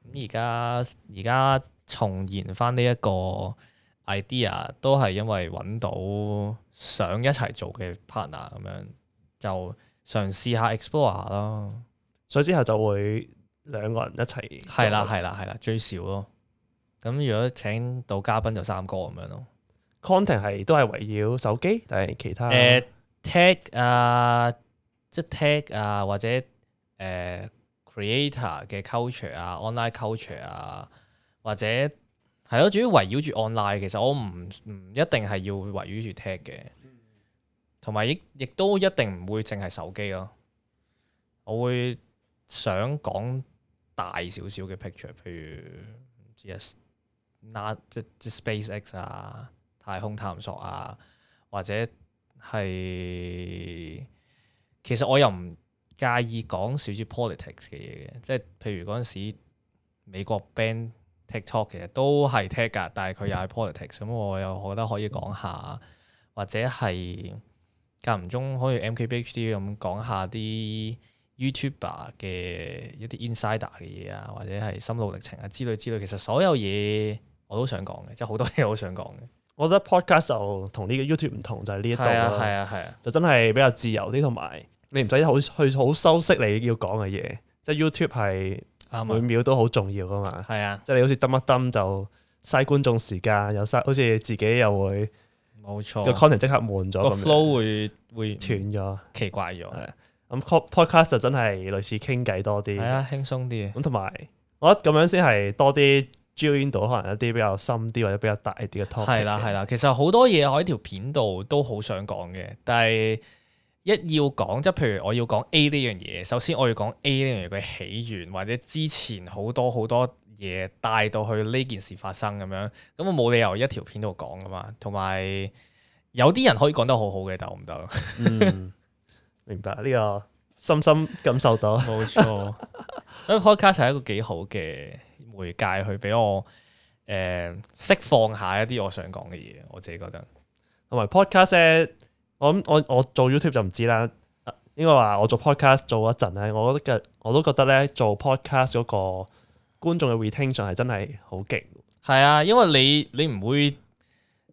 咁而家而家重現翻呢一個。idea 都係因為揾到想一齊做嘅 partner 咁樣，就嘗試下 explore 下咯。所以之後就會兩個人一齊。係啦，係啦，係啦，最少咯。咁如果請到嘉賓就三個咁樣咯。Content 係都係圍繞手機，但係其他誒、呃、tech 啊、呃，即係、tech 啊、呃，或者誒、呃、creator 嘅 culture 啊，online culture 啊，或者。係咯，主要圍繞住 online，其實我唔唔一定係要圍繞住 tech 嘅，同埋亦亦都一定唔會淨係手機咯。我會想講大少少嘅 picture，譬如唔知啊，即即 SpaceX 啊，太空探索啊，或者係其實我又唔介意講少少 politics 嘅嘢嘅，即係譬如嗰陣時美國 ban TikTok 其實都係 tag 㗎，但係佢又係 politics，咁我又覺得可以講下，或者係間唔中可以 MKBHD 咁講下啲 YouTuber 嘅一啲 insider 嘅嘢啊，或者係心路歷程啊之類之類，其實所有嘢我都想講嘅，即係好多嘢我都想講嘅。我覺得 podcast 就同呢個 YouTube 唔同，就係、是、呢一度啦，係啊係啊，啊啊就真係比較自由啲，同埋你唔使好去好修飾你要講嘅嘢，即、就、係、是、YouTube 係。每秒都好重要噶嘛，係啊，即係你好似噔一噔就嘥觀眾時間，又嘥好似自己又會冇錯，錯個 content 即刻悶咗，個 flow 天會會斷咗，了奇怪咗。係咁 podcast 就真係類似傾偈多啲，係啊，輕鬆啲。咁同埋我覺得咁樣先係多啲 during 到可能一啲比較深啲或者比較大啲嘅 topic、啊。係啦，係啦、啊，其實好多嘢我喺條片度都好想講嘅，但係。一要講，即譬如我要講 A 呢樣嘢，首先我要講 A 呢樣嘢嘅起源，或者之前好多好多嘢帶到去呢件事發生咁樣，咁我冇理由一條片度講噶嘛。同埋有啲人可以講得好好嘅，得唔得？嗯， 明白呢、呢個深深感受到。冇 錯， 因為 Podcast 係一個幾好嘅媒介去俾我誒、呃、釋放一下一啲我想講嘅嘢，我自己覺得。同埋 Podcast。我我我做 YouTube 就唔知啦，應該話我做 podcast 做咗一陣咧，我覺得我都覺得咧做 podcast 嗰個觀眾嘅 retention 係真係好勁。係啊，因為你你唔會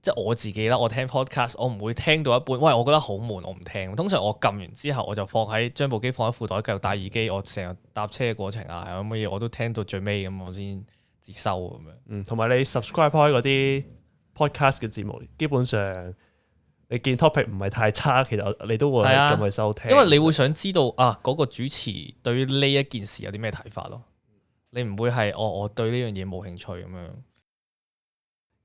即係我自己啦，我聽 podcast 我唔會聽到一半，喂我覺得好悶，我唔聽。通常我撳完之後，我就放喺將部機放喺褲袋，繼續戴耳機，我成日搭車嘅過程啊，有乜嘢我都聽到最尾咁，我先接受。咁樣嗯，同埋你 subscribe 開嗰啲 podcast 嘅節目，基本上。你見 topic 唔係太差，其實你都會咁去收聽，啊，因為你會想知道啊嗰、嗰個主持對於呢一件事有啲咩睇法咯。嗯、你唔會係我、哦，我對呢樣嘢冇興趣咁樣。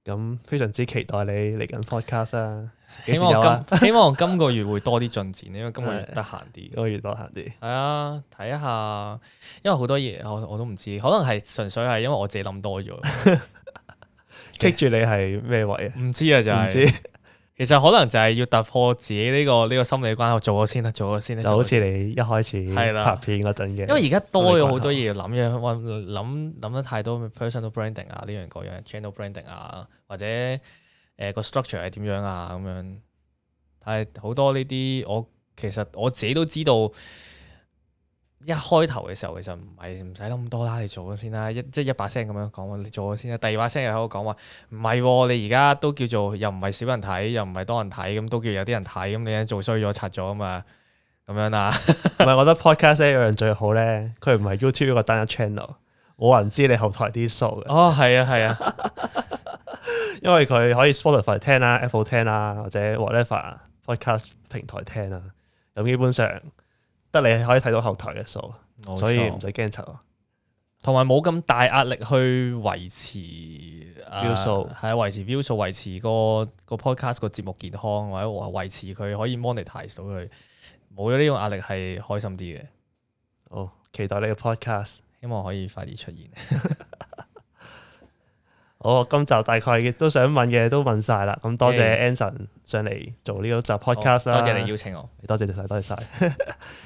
咁非常之期待你嚟緊 podcast 啊！啊希望今希望今個月會多啲進展， 因為今個月得閒啲，啊、個月多閒啲。係啊、嗯，睇下，因為好多嘢我我都唔知，可能係純粹係因為我自己諗多咗。棘 住你係咩位唔、嗯、知啊，就係。 其實可能就係要突破自己呢個呢個心理關口，做咗先啦，做咗先啦。先先就好似你一開始拍片嗰陣嘅。因為而家多咗好多嘢諗嘅，我諗諗得太多 personal branding 啊，呢樣嗰樣 channel branding 啊，或者誒個 structure 係點樣啊，咁樣。但係好多呢啲，我其實我自己都知道。一開頭嘅時候其實唔係唔使諗咁多啦，你做咗先啦，一即係、就是、一把聲咁樣講你做咗先啦。第二把聲又喺度講話，唔係你而家都叫做又唔係少人睇，又唔係多人睇，咁都叫有啲人睇，咁你做衰咗拆咗啊嘛，咁樣啊不？唔係，我覺得 podcast 有一樣最好咧。佢唔係 YouTube 一個單一 channel，冇人知你後台啲數哦，係啊，係啊， 因為佢可以 Spotify 聽啦，Apple 聽啦，或者 whatever podcast 平台聽啦。咁基本上。得你可以睇到後台嘅數，錯所以唔使驚醜，同埋冇咁大壓力去維持 view 數，喺、啊、維持 view 數，維持、嗰個、嗰個 podcast 個節目健康，或者維持佢可以 monetise 到佢，冇咗呢個壓力係開心啲嘅。好期待你嘅 podcast，希望可以快啲出現。 好，今集大概都想問嘅都問晒啦，咁多謝 Anson 上嚟做呢一集 podcast 啦，多謝你邀請我，多謝晒，多謝晒。